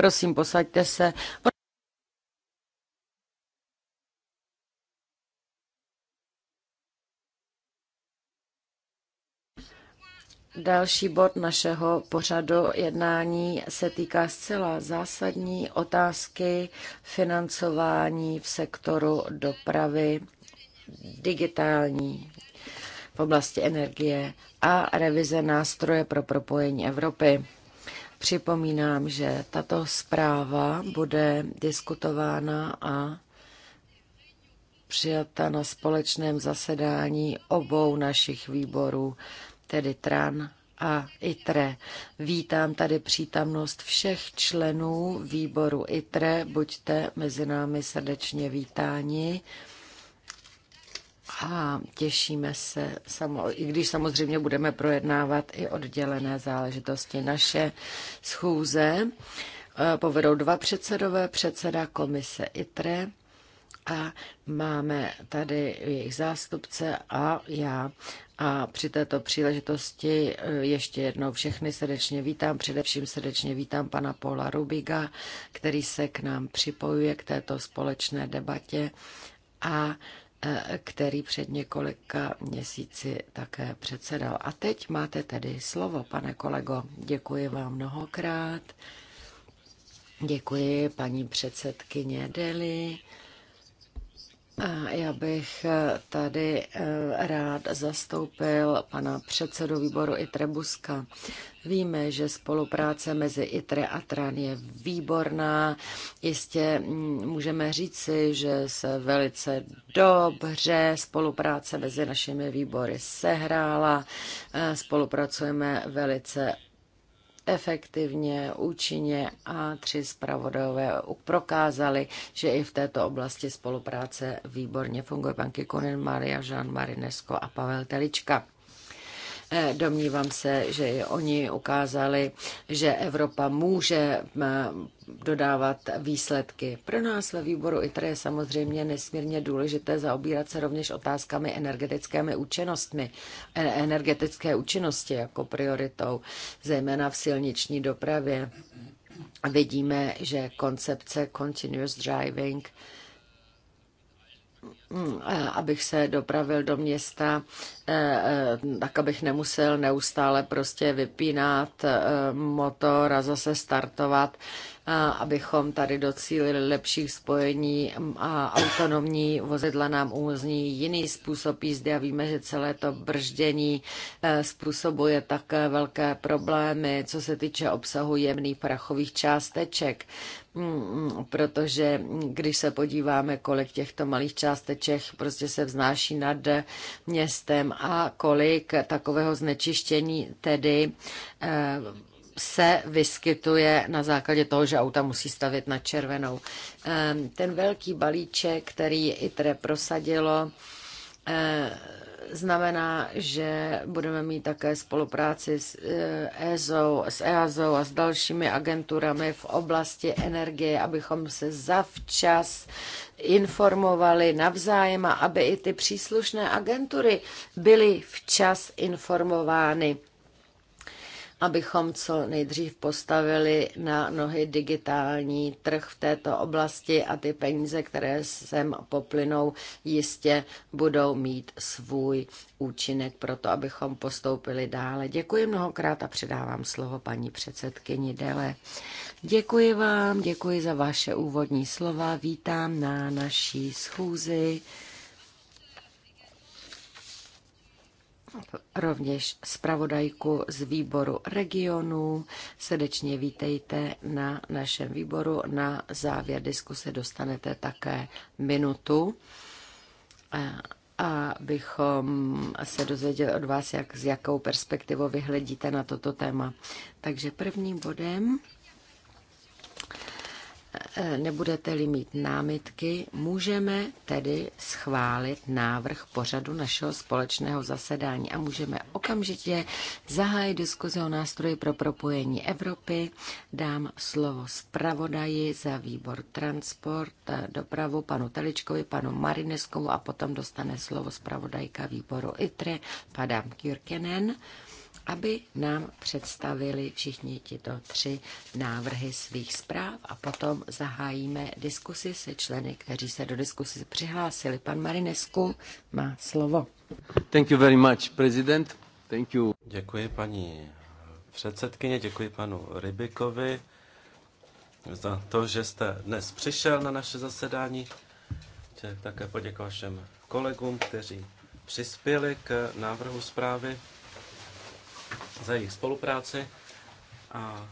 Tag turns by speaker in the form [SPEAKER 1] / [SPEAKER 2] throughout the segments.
[SPEAKER 1] Prosím, posaďte se. Další bod našeho pořadu jednání se týká zcela zásadní otázky financování v sektoru dopravy digitální v oblasti energie a revize nástroje pro propojení Evropy. Připomínám, že tato zpráva bude diskutována a přijata na společném zasedání obou našich výborů, tedy TRAN a ITRE. Vítám tady přítomnost všech členů výboru ITRE. Buďte mezi námi srdečně vítáni a těšíme se, i když samozřejmě budeme projednávat i oddělené záležitosti. Naše schůze eh, povedou dva předsedové, předseda komise ITRE a máme tady jejich zástupce a já. A při této příležitosti eh, ještě jednou všechny srdečně vítám, především srdečně vítám pana Paula Rubiga, který se k nám připojuje k této společné debatě a Eh, který před několika měsíci také předsedal. A teď máte tedy slovo, pane kolego. Děkuji vám mnohokrát. Děkuji paní předsedkyně Deli. Já bych eh, tady eh, rád zastoupil pana předsedu výboru ITRE Buska. Víme, že spolupráce mezi ITRE a TRAN je výborná. Jistě mm, můžeme říci, že se velice dobře spolupráce mezi našimi výbory sehrála. Eh, spolupracujeme velice efektivně, účinně a tři zpravodajové prokázali, že i v této oblasti spolupráce výborně funguje banky Konin Maria, Jean Marinesko a Pavel Telička. E, domnívám se, že oni ukázali, že Evropa může e, dodávat výsledky. Pro nás ve výboru ITRE je samozřejmě nesmírně důležité zaobírat se rovněž otázkami energetickými účinnostmi, e, energetické účinnosti jako prioritou, zejména v silniční dopravě. Vidíme, že koncepce continuous driving Mm, abych se dopravil do města, eh, eh, tak abych nemusel neustále prostě vypínat eh, motor a zase startovat abychom tady docílili lepších spojení a autonomní vozidla nám umožní jiný způsob jízdy a víme, že celé to brždění e, způsobuje také velké problémy, co se týče obsahu jemných prachových částeček mm, protože když se podíváme, kolik těchto malých částeček prostě se vznáší nad městem a kolik takového znečištění tedy e, se vyskytuje na základě toho, že auta musí stavit na červenou. Ehm, ten velký balíček, který ITRE prosadilo, ehm, znamená, že budeme mít také spolupráci s EZO, eh, e s EASO a s dalšími agenturami v oblasti energie, abychom se zavčas informovali navzájem a aby i ty příslušné agentury byly včas informovány abychom co nejdřív postavili na nohy digitální trh v této oblasti a ty peníze, které sem poplynou, jistě budou mít svůj účinek pro to, abychom postoupili dále. Děkuji mnohokrát a předávám slovo paní předsedkyni Dele. Děkuji vám, děkuji za vaše úvodní slova, vítám na naší schůzi. rovněž zpravodajku z výboru regionů. Srdečně vítejte na našem výboru. Na závěr diskuse dostanete také minutu a bychom se dozvěděli od vás, jak, s jakou perspektivou vyhledíte na toto téma. Takže prvním bodem E, nebudete-li mít námitky, můžeme tedy schválit návrh pořadu našeho společného zasedání a můžeme okamžitě zahájit diskuzi o nástroji pro propojení Evropy. Dám slovo zpravodaji za výbor transport, e, dopravu panu Teličkovi, panu Marineskovu a potom dostane slovo zpravodajka výboru ITRE, padám Kürkenen aby nám představili všichni tyto tři návrhy svých zpráv a potom zahájíme diskusi se členy, kteří se do diskusi přihlásili. Pan Marinesku má slovo.
[SPEAKER 2] Thank you very much, president. Thank you. Děkuji paní předsedkyně, děkuji panu Rybikovi za to, že jste dnes přišel na naše zasedání. Chtěl také poděkovat všem kolegům, kteří přispěli k návrhu zprávy za jejich spolupráci a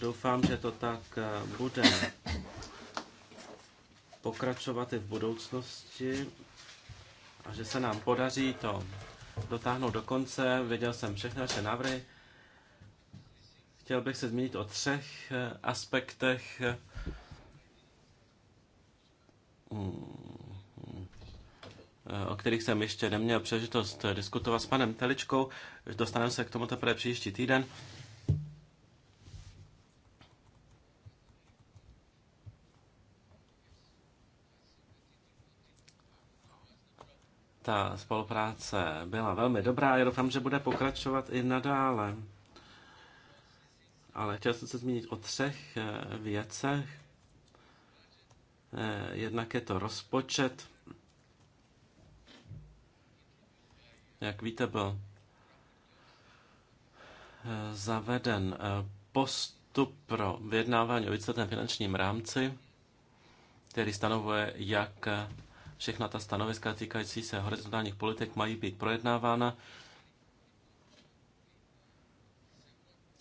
[SPEAKER 2] doufám, že to tak eh, bude pokračovat i v budoucnosti a že se nám podaří to dotáhnout do konce. Věděl jsem všechny naše návrhy. Chtěl bych se zmínit o třech eh, aspektech. Eh, o kterých jsem ještě neměl přežitost diskutovat s panem Teličkou. Dostaneme se k tomu teprve příští týden. Ta spolupráce byla velmi dobrá, já doufám, že bude pokračovat i nadále. Ale chtěl jsem se zmínit o třech eh, věcech. Eh, jednak je to rozpočet. Jak víte, byl eh, zaveden eh, postup pro vyjednávání o víceletém finančním rámci, který stanovuje, jak eh, všechna ta stanoviska týkající se horizontálních politik mají být projednávána,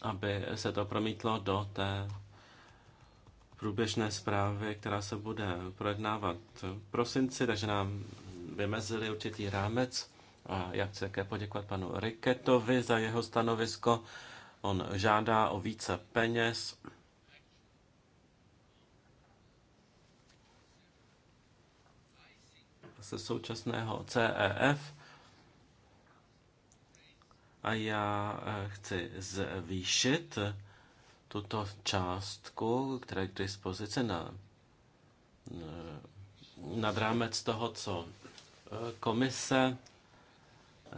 [SPEAKER 2] aby se to promítlo do té průběžné zprávy, která se bude projednávat v prosinci, takže nám vymezili určitý rámec a já chci také poděkovat panu Riketovi za jeho stanovisko. On žádá o více peněz. ze současného CEF a já eh, chci zvýšit tuto částku, která je k dispozici na, eh, nad rámec toho, co eh, komise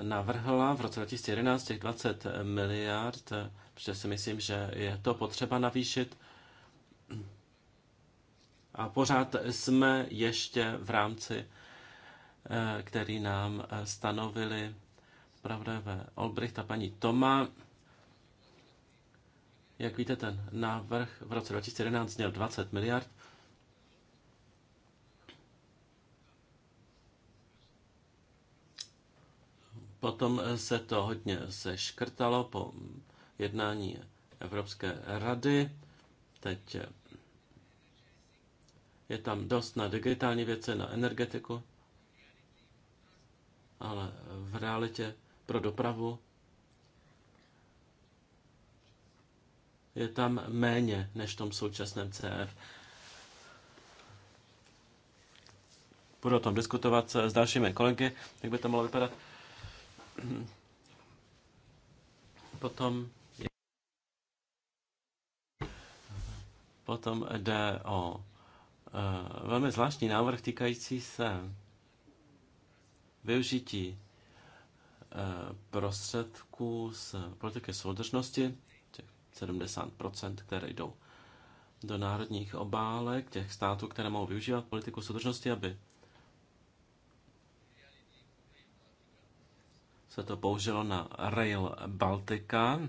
[SPEAKER 2] navrhla v roce 2011 těch 20 miliard, protože si myslím, že je to potřeba navýšit. A pořád jsme ještě v rámci, eh, který nám eh, stanovili pravdavé Olbricht a paní Toma. Jak víte, ten návrh v roce 2011 měl 20 miliard Potom eh, se to hodně seškrtalo po jednání Evropské rady. Teď eh, je tam dost na digitální věce, na energetiku, ale v realitě pro dopravu je tam méně než v tom současném CF. Budu o tom diskutovat s dalšími kolegy, jak by to mohlo vypadat. Potom Potom jde o e, velmi zvláštní návrh týkající se využití e, prostředků z politiky soudržnosti, těch 70%, které jdou do národních obálek těch států, které mohou využívat politiku soudržnosti, aby se to použilo na Rail Baltica.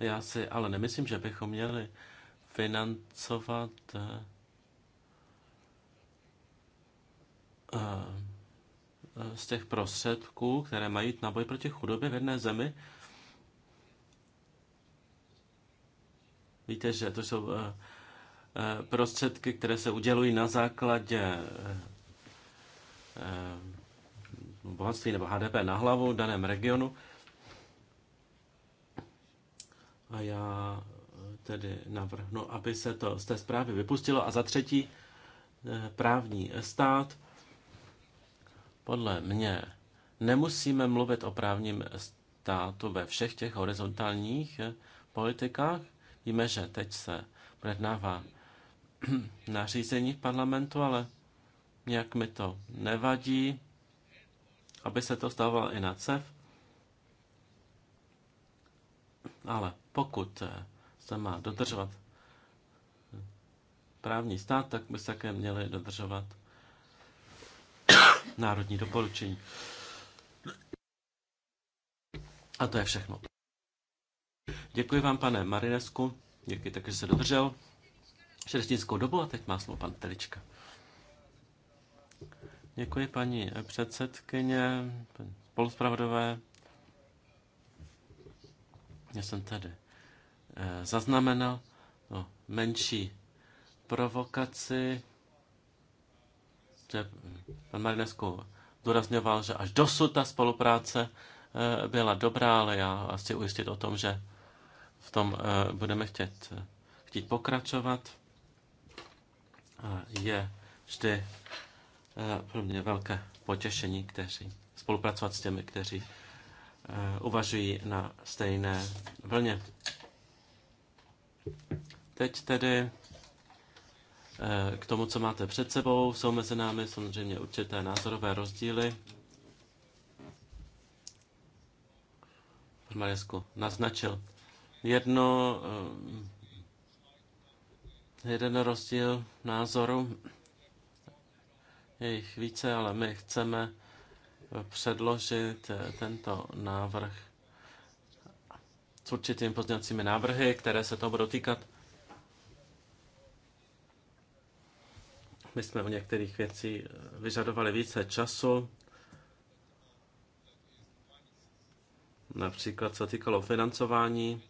[SPEAKER 2] Já si ale nemyslím, že bychom měli financovat eh, eh, z těch prostředků, které mají na boj proti chudobě v jedné zemi. Víte, že to jsou eh, prostředky, které se udělují na základě Eh, bohatství nebo HDP na hlavu v daném regionu. A já tedy navrhnu, aby se to z té zprávy vypustilo. A za třetí, eh, právní stát. Podle mě nemusíme mluvit o právním státu ve všech těch horizontálních eh, politikách. Víme, že teď se projednává nařízení v parlamentu, ale Nějak mi to nevadí, aby se to stávalo i na CEF. Ale pokud eh, se má dodržovat právní stát, tak by se také měli dodržovat národní doporučení. A to je všechno. Děkuji vám, pane Marinesku. Děkuji také, že se dodržel šerstinskou dobu a teď má slovo pan Telička. Děkuji paní předsedkyně, spoluspravodové. Já jsem tady eh, zaznamenal no, menší provokaci, že pan Marinesku zdůrazňoval, že až dosud ta spolupráce eh, byla dobrá, ale já vás chci ujistit o tom, že v tom eh, budeme chtět, chtít pokračovat. A je vždy Eh, pro mě velké potěšení, kteří spolupracovat s těmi, kteří eh, uvažují na stejné vlně. Teď tedy eh, k tomu, co máte před sebou, jsou mezi námi samozřejmě určité názorové rozdíly. Marisku naznačil jedno, jeden rozdíl názoru je jich více, ale my chceme předložit eh, tento návrh s určitými pozdělacími návrhy, které se toho budou týkat. My jsme u některých věcí eh, vyžadovali více času, například se týkalo financování.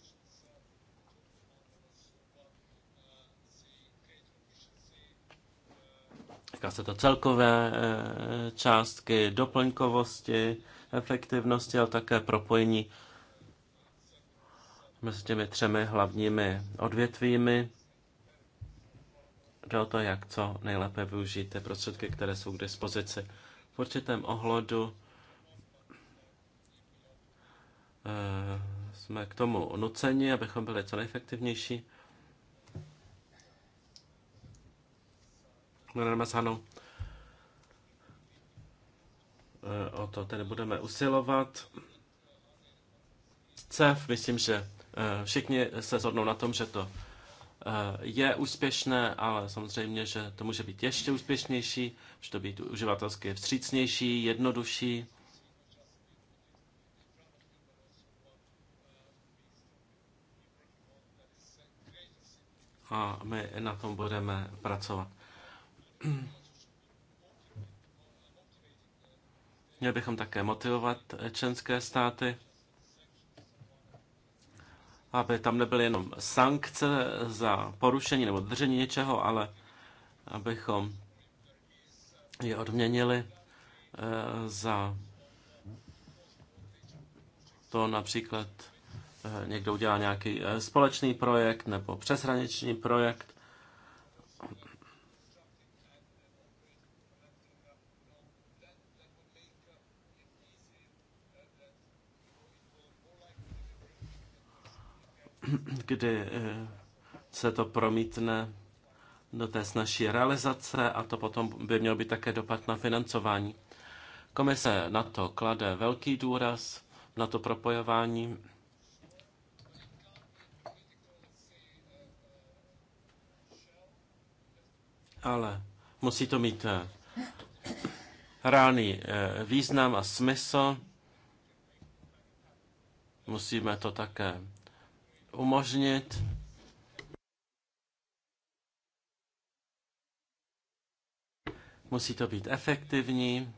[SPEAKER 2] Týká se to celkové eh, částky, doplňkovosti, efektivnosti, ale také propojení mezi těmi třemi hlavními odvětvími. Jde o to, jak co nejlépe využít ty prostředky, které jsou k dispozici. V určitém ohledu eh, jsme k tomu nuceni, abychom byli co nejefektivnější. me s Hanou. E, o to tedy budeme usilovat. CEF, myslím, že e, všichni se shodnou na tom, že to e, je úspěšné, ale samozřejmě, že to může být ještě úspěšnější, že to být uživatelsky vstřícnější, jednodušší. A my na tom budeme pracovat. Měli bychom také motivovat členské státy, aby tam nebyly jenom sankce za porušení nebo držení něčeho, ale abychom je odměnili eh, za to například eh, někdo udělá nějaký eh, společný projekt nebo přeshraniční projekt kdy eh, se to promítne do té snažší realizace a to potom by mělo být také dopad na financování. Komise na to klade velký důraz, na to propojování. Ale musí to mít eh, reálný eh, význam a smysl. Musíme to také umožnit Musí to být efektivní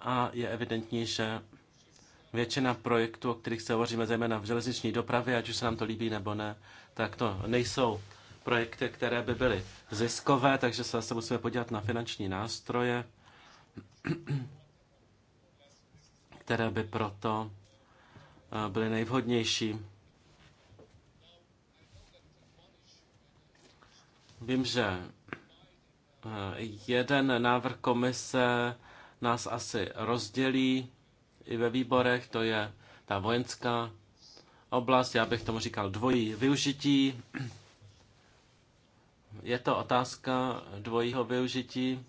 [SPEAKER 2] a je evidentní, že většina projektů, o kterých se hovoříme, zejména v železniční dopravě, ať už se nám to líbí nebo ne, tak to nejsou projekty, které by byly ziskové, takže se zase musíme podívat na finanční nástroje, které by proto eh, byly nejvhodnější. Vím, že eh, jeden návrh komise nás asi rozdělí i ve výborech, to je ta vojenská oblast, já bych tomu říkal dvojí využití. Je to otázka dvojího využití.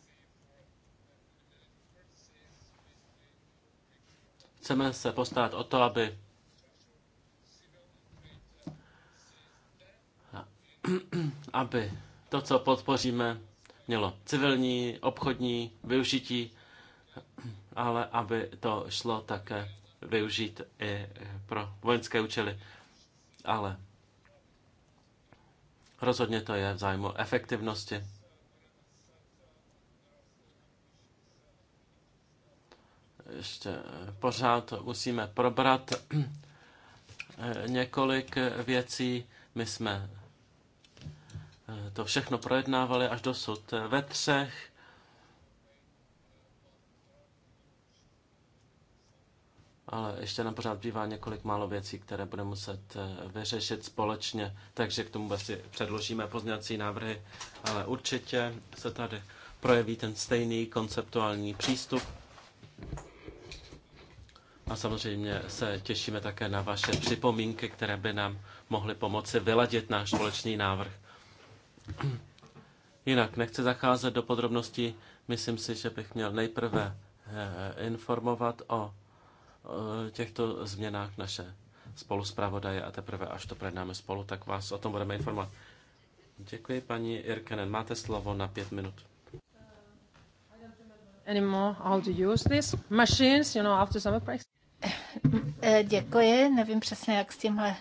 [SPEAKER 2] Chceme se postarat o to, aby aby to, co podpoříme, mělo civilní, obchodní využití, ale aby to šlo také využít i pro vojenské účely. Ale rozhodně to je v zájmu efektivnosti. Ještě pořád musíme probrat několik věcí. My jsme to všechno projednávali až dosud ve třech. Ale ještě nám pořád bývá několik málo věcí, které budeme muset eh, vyřešit společně, takže k tomu asi předložíme pozměňovací návrhy, ale určitě se tady projeví ten stejný konceptuální přístup. A samozřejmě se těšíme také na vaše připomínky, které by nám mohly pomoci vyladit náš společný návrh. Jinak nechci zacházet do podrobností. Myslím si, že bych měl nejprve eh, informovat o eh, těchto změnách naše spoluspravodaje a teprve až to projednáme spolu, tak vás o tom budeme informovat. Děkuji, paní Irkenen. Máte slovo na pět minut.
[SPEAKER 3] how to use machines, you know, after breaks. Eh, děkuji, nevím přesně, jak s tímhle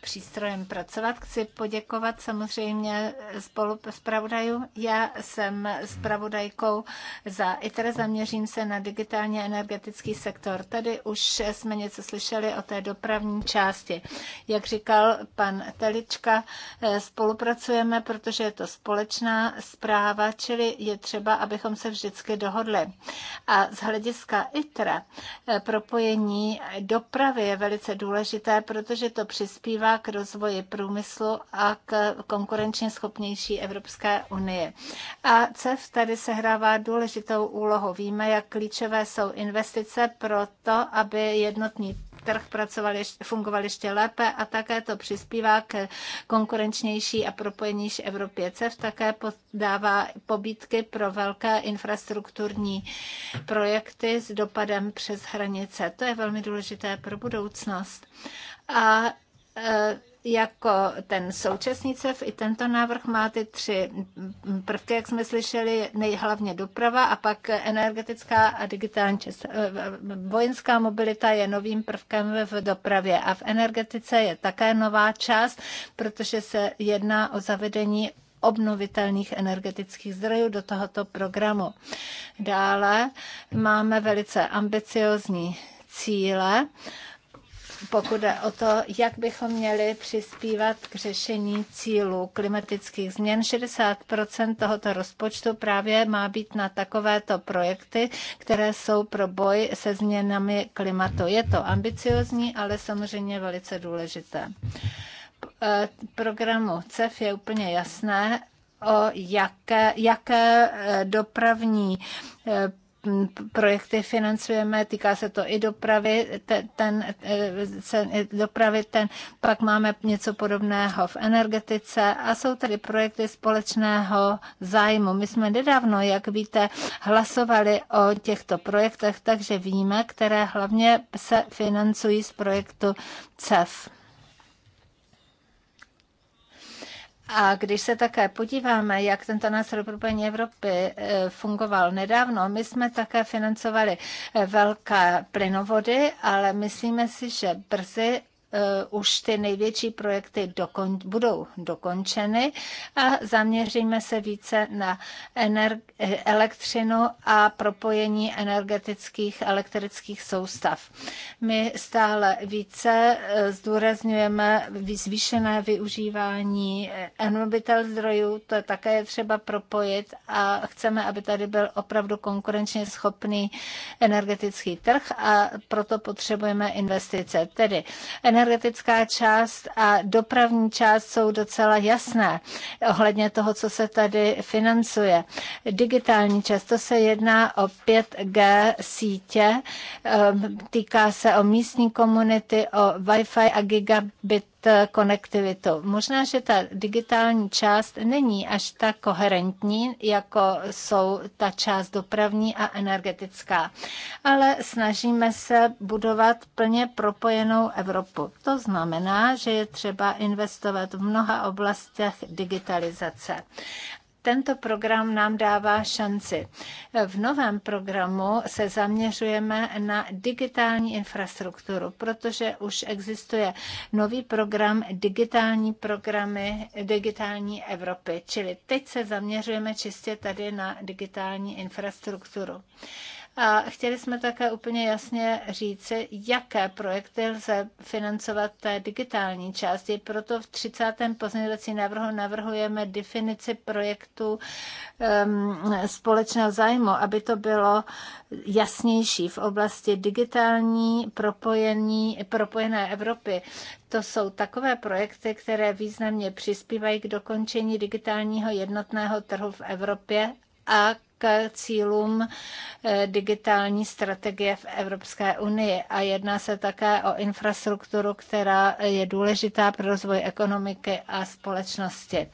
[SPEAKER 3] přístrojem pracovat. Chci poděkovat samozřejmě spolu zpravodajům. Já jsem zpravodajkou za ITER, zaměřím se na digitálně energetický sektor. Tady už jsme něco slyšeli o té dopravní části. Jak říkal pan Telička, eh, spolupracujeme, protože je to společná zpráva, čili je třeba, abychom se vždycky dohodli. A z hlediska ITER eh, propojení dopravy je velice důležité, protože to přispívá přispívá k rozvoji průmyslu a k konkurenčně schopnější Evropské unie. A CEF tady sehrává důležitou úlohu. Víme, jak klíčové jsou investice pro to, aby jednotný trh pracoval fungoval ještě lépe a také to přispívá k konkurenčnější a propojenější Evropě. CEF také dává pobídky pro velké infrastrukturní projekty s dopadem přes hranice. To je velmi důležité pro budoucnost. A Eh, jako ten současný CEF, i tento návrh má ty tři prvky, jak jsme slyšeli, nejhlavně doprava a pak energetická a digitální čes. Eh, vojenská mobilita je novým prvkem v dopravě a v energetice je také nová část, protože se jedná o zavedení obnovitelných energetických zdrojů do tohoto programu. Dále máme velice ambiciozní cíle pokud jde o to, jak bychom měli přispívat k řešení cílů klimatických změn. 60 tohoto rozpočtu právě má být na takovéto projekty, které jsou pro boj se změnami klimatu. Je to ambiciozní, ale samozřejmě velice důležité. Programu CEF je úplně jasné, o jaké, jaké eh, dopravní eh, projekty financujeme, týká se to i dopravy, ten, ten, e, dopravy, ten, pak máme něco podobného v energetice a jsou tady projekty společného zájmu. My jsme nedávno, jak víte, hlasovali o těchto projektech, takže víme, které hlavně se financují z projektu CEF. A když se také podíváme, jak tento nástroj propojení Evropy eh, fungoval nedávno, my jsme také financovali eh, velké plynovody, ale myslíme si, že brzy Eh, už ty největší projekty dokon, budou dokončeny a zaměříme se více na ener, eh, elektřinu a propojení energetických elektrických soustav. My stále více eh, zdůrazňujeme zvýšené využívání enobitel zdrojů, to je také třeba propojit a chceme, aby tady byl opravdu konkurenčně schopný energetický trh a proto potřebujeme investice. Tedy energetické energetická část a dopravní část jsou docela jasné ohledně toho, co se tady financuje. Digitální často se jedná o 5G sítě, ehm, týká se o místní komunity, o Wi-Fi a gigabit konektivitu. Možná, že ta digitální část není až tak koherentní, jako jsou ta část dopravní a energetická, ale snažíme se budovat plně propojenou Evropu. To znamená, že je třeba investovat v mnoha oblastech digitalizace tento program nám dává šanci. V novém programu se zaměřujeme na digitální infrastrukturu, protože už existuje nový program digitální programy digitální Evropy, čili teď se zaměřujeme čistě tady na digitální infrastrukturu. A chtěli jsme také úplně jasně říci, jaké projekty lze financovat té digitální části. Proto v 30. pozměňovací návrhu navrhujeme definici projektu um, společného zájmu, aby to bylo jasnější v oblasti digitální propojení, propojené Evropy. To jsou takové projekty, které významně přispívají k dokončení digitálního jednotného trhu v Evropě a k cílům eh, digitální strategie v Evropské unii a jedná se také o infrastrukturu, která je důležitá pro rozvoj ekonomiky a společnosti.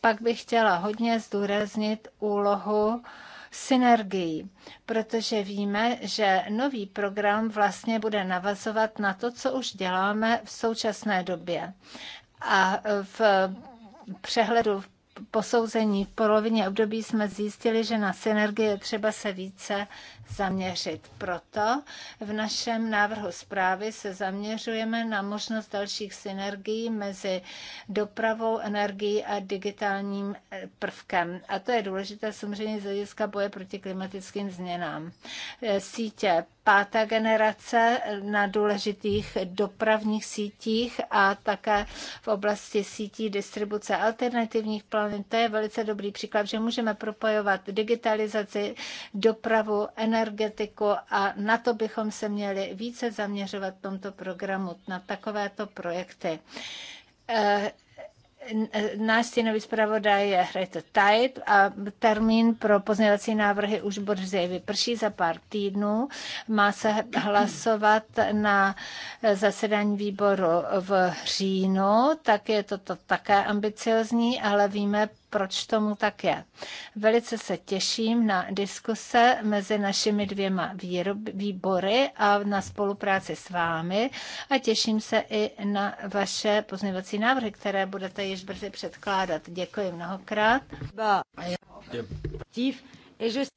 [SPEAKER 3] Pak bych chtěla hodně zdůraznit úlohu synergií, protože víme, že nový program vlastně bude navazovat na to, co už děláme v současné době. A v přehledu posouzení v polovině období jsme zjistili, že na synergie třeba se více zaměřit. Proto v našem návrhu zprávy se zaměřujeme na možnost dalších synergií mezi dopravou, energií a digitálním eh, prvkem. A to je důležité samozřejmě z hlediska boje proti klimatickým změnám. Eh, sítě pátá generace eh, na důležitých dopravních sítích a také v oblasti sítí distribuce alternativních planet. To je velice dobrý příklad, že můžeme propojovat digitalizaci, dopravu, energii, energetiku a na to bychom se měli více zaměřovat v tomto programu, na takovéto projekty eh, náš stínový zpravodaj je Hrete Tajt a termín pro pozměňovací návrhy už brzy vyprší za pár týdnů. Má se hlasovat na zasedání výboru v říjnu, tak je toto také ambiciozní, ale víme proč tomu tak je. Velice se těším na diskuse mezi našimi dvěma výbory a na spolupráci s vámi a těším se i na vaše pozměňovací návrhy, které budete již brzy předkládat. Děkuji mnohokrát.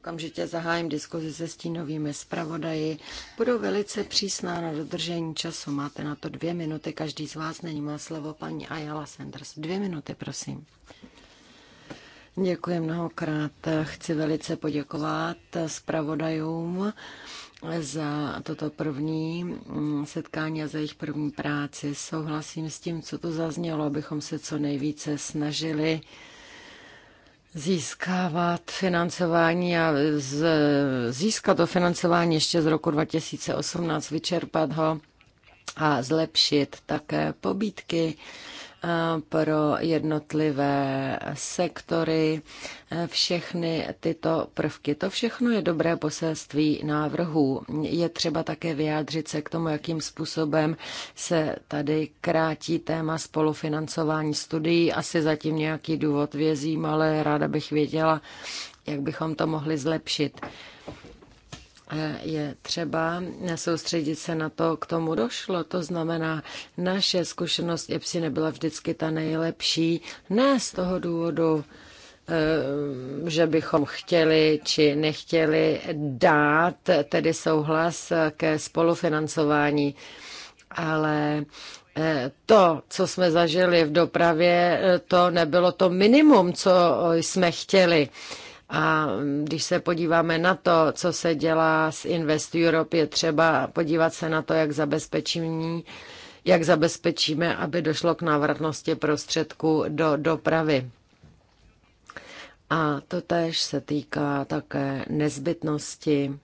[SPEAKER 3] okamžitě zahájím
[SPEAKER 1] diskuzi se stínovými zpravodaji. Budou velice přísná na dodržení času. Máte na to dvě minuty. Každý z vás není má slovo. Paní Ayala Sanders. Dvě minuty, prosím. Děkuji mnohokrát. Chci velice poděkovat zpravodajům za toto první mm, setkání a za jejich první práci. Souhlasím s tím, co tu zaznělo, abychom se co nejvíce snažili získávat financování a z, získat to financování ještě z roku 2018, vyčerpat ho a zlepšit také pobídky pro jednotlivé sektory, všechny tyto prvky. To všechno je dobré poselství návrhů. Je třeba také vyjádřit se k tomu, jakým způsobem se tady krátí téma spolufinancování studií. Asi zatím nějaký důvod vězím, ale ráda bych věděla, jak bychom to mohli zlepšit je třeba soustředit se na to, k tomu došlo. To znamená, naše zkušenost EPSI nebyla vždycky ta nejlepší, ne z toho důvodu, eh, že bychom chtěli či nechtěli dát tedy souhlas ke spolufinancování, ale eh, to, co jsme zažili v dopravě, eh, to nebylo to minimum, co jsme chtěli. A když se podíváme na to, co se dělá s Invest Europe, je třeba podívat se na to, jak zabezpečení jak zabezpečíme, aby došlo k návratnosti prostředků do dopravy. A to též se týká také nezbytnosti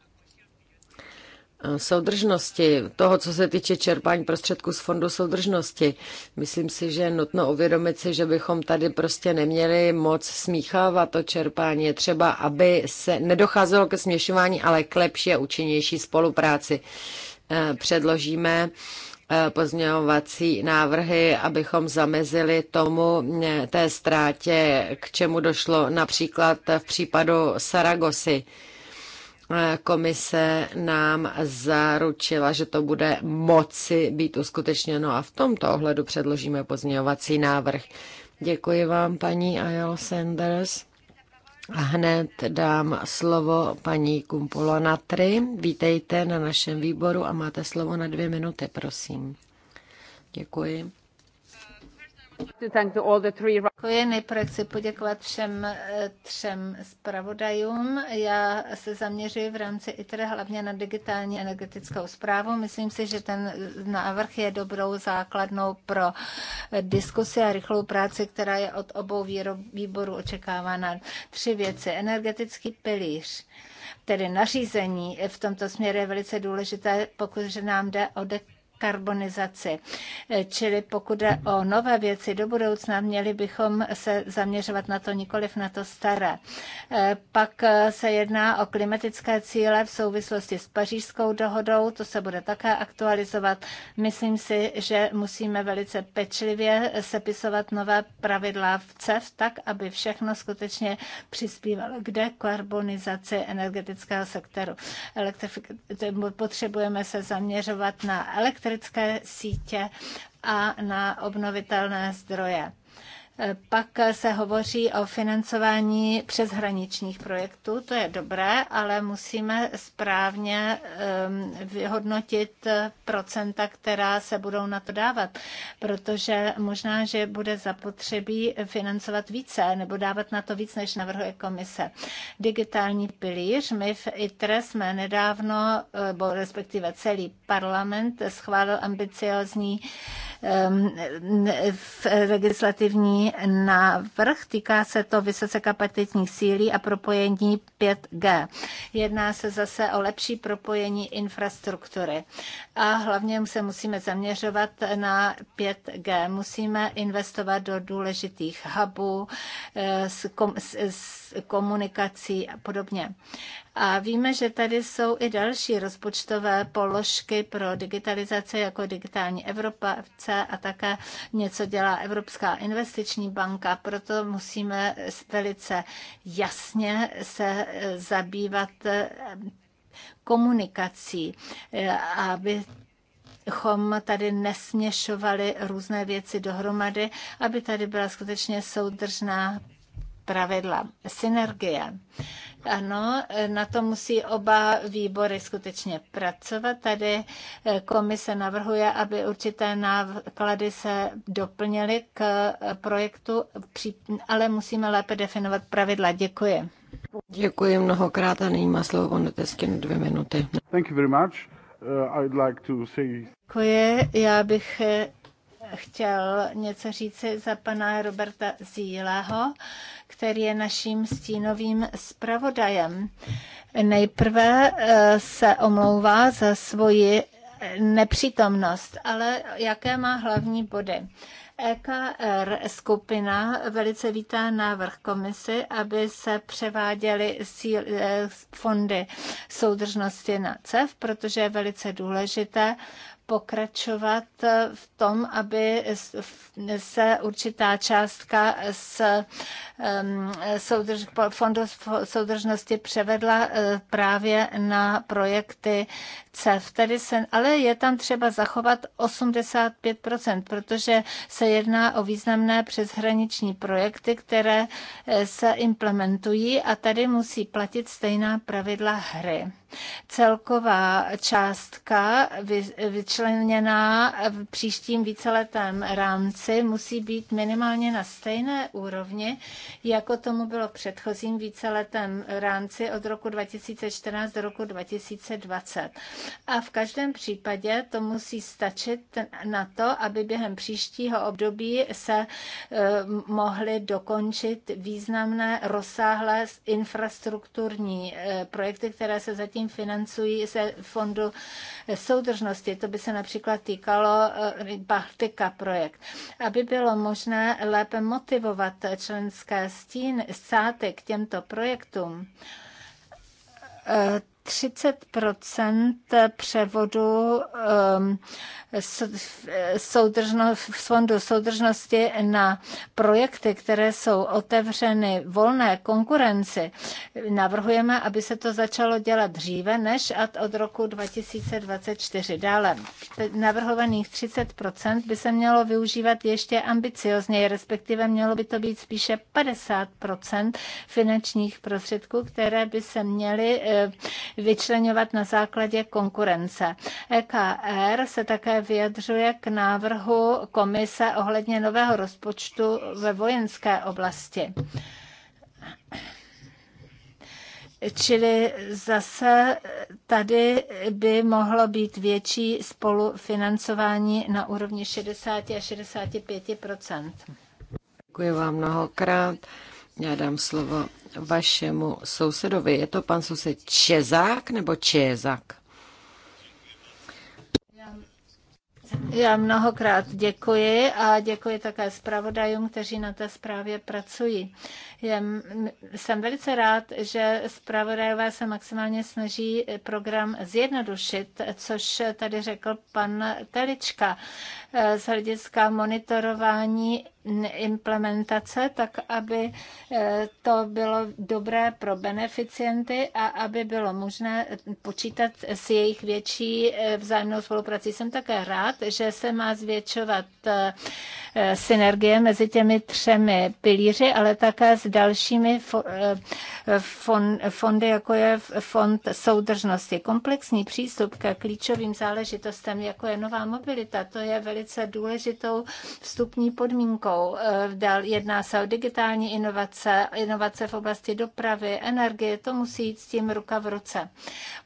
[SPEAKER 1] soudržnosti, toho, co se týče čerpání prostředků z fondu soudržnosti. Myslím si, že je nutno uvědomit si, že bychom tady prostě neměli moc smíchávat to čerpání. Je třeba, aby se nedocházelo ke směšování, ale k lepší a účinnější spolupráci. Eh, předložíme eh, pozměňovací návrhy, abychom zamezili tomu eh, té ztrátě, k čemu došlo například v případu Saragosy Eh, komise nám zaručila, že to bude moci být uskutečněno a v tomto ohledu předložíme pozměňovací návrh. Děkuji vám, paní Ayal Sanders. A hned dám slovo paní Kumpola Natry. Vítejte na našem výboru a máte slovo na dvě minuty, prosím. Děkuji.
[SPEAKER 3] Děkuji. Nejprve chci poděkovat všem eh, třem zpravodajům. Já se zaměřuji v rámci ITRE hlavně na digitální energetickou zprávu. Myslím si, že ten návrh je dobrou základnou pro diskusi a rychlou práci, která je od obou výborů očekávána. Tři věci. Energetický pilíř tedy nařízení v tomto směru je velice důležité, pokud nám jde o karbonizaci. Eh, čili pokud jde o nové věci do budoucna, měli bychom se zaměřovat na to nikoliv na to staré. Eh, pak eh, se jedná o klimatické cíle v souvislosti s pařížskou dohodou, to se bude také aktualizovat. Myslím si, že musíme velice pečlivě sepisovat nové pravidla v CEF, tak, aby všechno skutečně přispívalo k dekarbonizaci energetického sektoru. Elektrifik- potřebujeme se zaměřovat na elektrifikaci elektrické sítě a na obnovitelné zdroje. Pak se hovoří o financování přeshraničních projektů, to je dobré, ale musíme správně vyhodnotit procenta, která se budou na to dávat, protože možná, že bude zapotřebí financovat více nebo dávat na to víc, než navrhuje komise. Digitální pilíř, my v ITRE jsme nedávno, eh, bo respektive celý parlament schválil ambiciozní v legislativní návrh. Týká se to vysoce kapacitních sílí a propojení 5G. Jedná se zase o lepší propojení infrastruktury. A hlavně se musíme zaměřovat na 5G. Musíme investovat do důležitých hubů, eh, s, s, komunikací a podobně. A víme, že tady jsou i další rozpočtové položky pro digitalizaci, jako digitální Evropa, FC a také něco dělá Evropská investiční banka. Proto musíme velice jasně se eh, zabývat eh, komunikací, eh, aby chom tady nesměšovali různé věci dohromady, aby tady byla skutečně soudržná pravidla. Synergie. Ano, na to musí oba výbory skutečně pracovat. Tady eh, komise navrhuje, aby určité náklady se doplnily k eh, projektu, ale musíme lépe definovat pravidla. Děkuji.
[SPEAKER 1] Děkuji mnohokrát a nyní má slovo pan Teskin dvě minuty.
[SPEAKER 3] Thank you very much. Uh, I'd like to say... Děkuji. Já bych eh, chtěl něco říci za pana Roberta Zíleho, který je naším stínovým zpravodajem. Nejprve eh, se omlouvá za svoji nepřítomnost, ale jaké má hlavní body? EKR skupina velice vítá návrh komisy, aby se převáděly eh, fondy soudržnosti na CEF, protože je velice důležité pokračovat eh, v tom, aby se určitá částka z ehm, fondu soudržnosti převedla eh, právě na projekty CEF. Tedy se, ale je tam třeba zachovat 85%, protože se jedná o významné přeshraniční projekty, které eh, se implementují a tady musí platit stejná pravidla hry. Celková částka vyčleněná v příštím víceletém rámci musí být minimálně na stejné úrovni, jako tomu bylo v předchozím víceletém rámci od roku 2014 do roku 2020. A v každém případě to musí stačit na to, aby během příštího období se e, mohly dokončit významné rozsáhlé infrastrukturní e, projekty, které se zatím především financují ze fondu soudržnosti. To by se například týkalo eh, Baltika projekt. Aby bylo možné lépe motivovat členské stín, státy k těmto projektům, eh, 30 převodu um, soudržno, fondu soudržnosti na projekty, které jsou otevřeny volné konkurenci, navrhujeme, aby se to začalo dělat dříve než od roku 2024. Dále navrhovaných 30 by se mělo využívat ještě ambiciozněji, respektive mělo by to být spíše 50 finančních prostředků, které by se měly eh, vyčlenovat na základě konkurence. EKR se také vyjadřuje k návrhu komise ohledně nového rozpočtu ve vojenské oblasti. Čili zase tady by mohlo být větší spolufinancování na úrovni 60 a 65
[SPEAKER 1] Děkuji vám mnohokrát. Já dám slovo vašemu sousedovi. Je to pan soused Čezák nebo Čezák?
[SPEAKER 3] Já mnohokrát děkuji a děkuji také zpravodajům, kteří na té zprávě pracují. Jsem velice rád, že zpravodajové se maximálně snaží program zjednodušit, což tady řekl pan Telička. Eh, z hlediska monitorování implementace, tak aby eh, to bylo dobré pro beneficienty a aby bylo možné počítat s jejich větší eh, vzájemnou spoluprací. Jsem také rád, že se má zvětšovat synergie mezi těmi třemi pilíři, ale také s dalšími fondy, jako je fond soudržnosti. Komplexní přístup ke klíčovým záležitostem, jako je nová mobilita, to je velice velice důležitou vstupní podmínkou. Eh, jedná se o digitální inovace, inovace v oblasti dopravy, energie, to musí jít s tím ruka v ruce.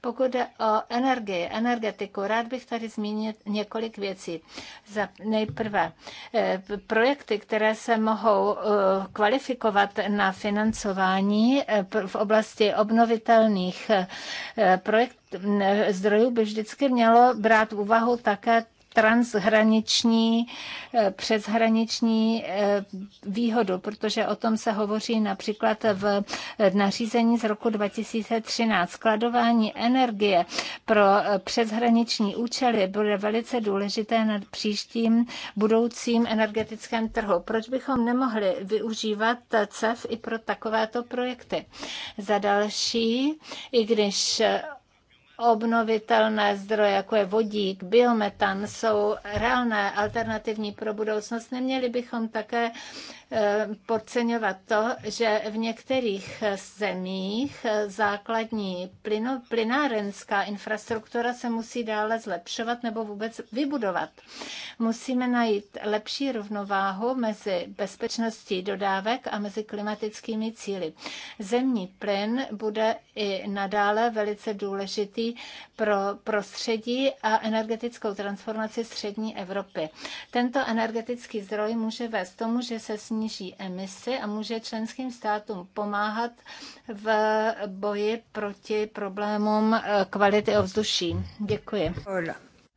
[SPEAKER 3] Pokud jde o energii, energetiku, rád bych tady zmínil několik věcí. Za nejprve eh, projekty, které se mohou eh, kvalifikovat na financování v oblasti obnovitelných projektů, zdrojů by vždycky mělo brát v úvahu také transhraniční, eh, přeshraniční eh, výhodu, protože o tom se hovoří například v eh, nařízení z roku 2013. Skladování energie pro přeshraniční účely bude velice důležité na příštím budoucím energetickém trhu. Proč bychom nemohli využívat CEF i pro takovéto projekty? Za další, i když obnovitelné zdroje, jako je vodík, biometan, jsou reálné alternativní pro budoucnost. Neměli bychom také Eh, podceňovat to, že v některých zemích eh, základní plyno, plynárenská infrastruktura se musí dále zlepšovat nebo vůbec vybudovat. Musíme najít lepší rovnováhu mezi bezpečností dodávek a mezi klimatickými cíly. Zemní plyn bude i nadále velice důležitý pro prostředí a energetickou transformaci střední Evropy. Tento energetický zdroj může vést tomu, že se sní nižší emisi a může členským státům pomáhat v boji proti problémům eh, kvality ovzduší. Děkuji.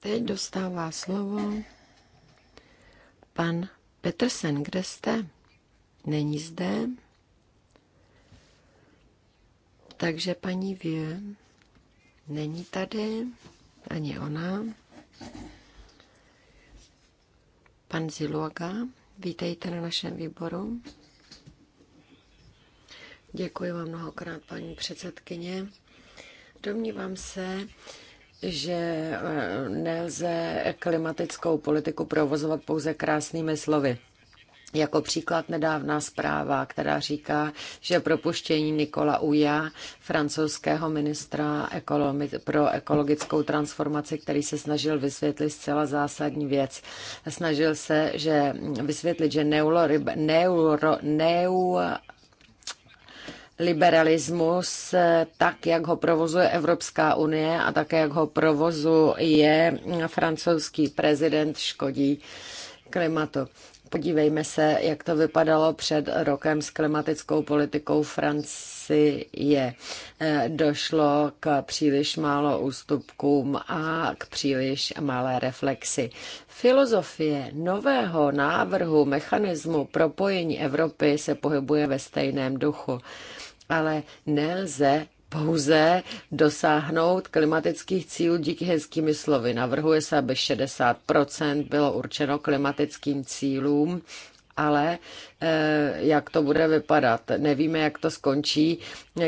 [SPEAKER 3] Teď dostává slovo
[SPEAKER 1] pan Petersen. Kde jste? Není zde. Takže paní Vě není tady, ani ona. Pan Ziluaga Vítejte na našem výboru. Děkuji vám mnohokrát, paní předsedkyně. Domnívám se, že eh, nelze klimatickou politiku provozovat pouze krásnými slovy. Jako příklad nedávná zpráva, která říká, že propuštění Nikola Uja, francouzského ministra pro ekologickou transformaci, který se snažil vysvětlit zcela zásadní věc. Snažil se, že vysvětlit, že neuroryb, neuro, neu, liberalismus, tak jak ho provozuje Evropská unie a také jak ho provozuje francouzský prezident, škodí klimatu. Podívejme se, jak to vypadalo před rokem s klimatickou politikou Francie. Eh, došlo k příliš málo ústupkům a k příliš malé reflexi. Filozofie nového návrhu mechanismu propojení Evropy se pohybuje ve stejném duchu ale nelze pouze dosáhnout klimatických cílů díky hezkými slovy. Navrhuje se, aby 60 bylo určeno klimatickým cílům, ale eh, jak to bude vypadat. Nevíme, jak to skončí,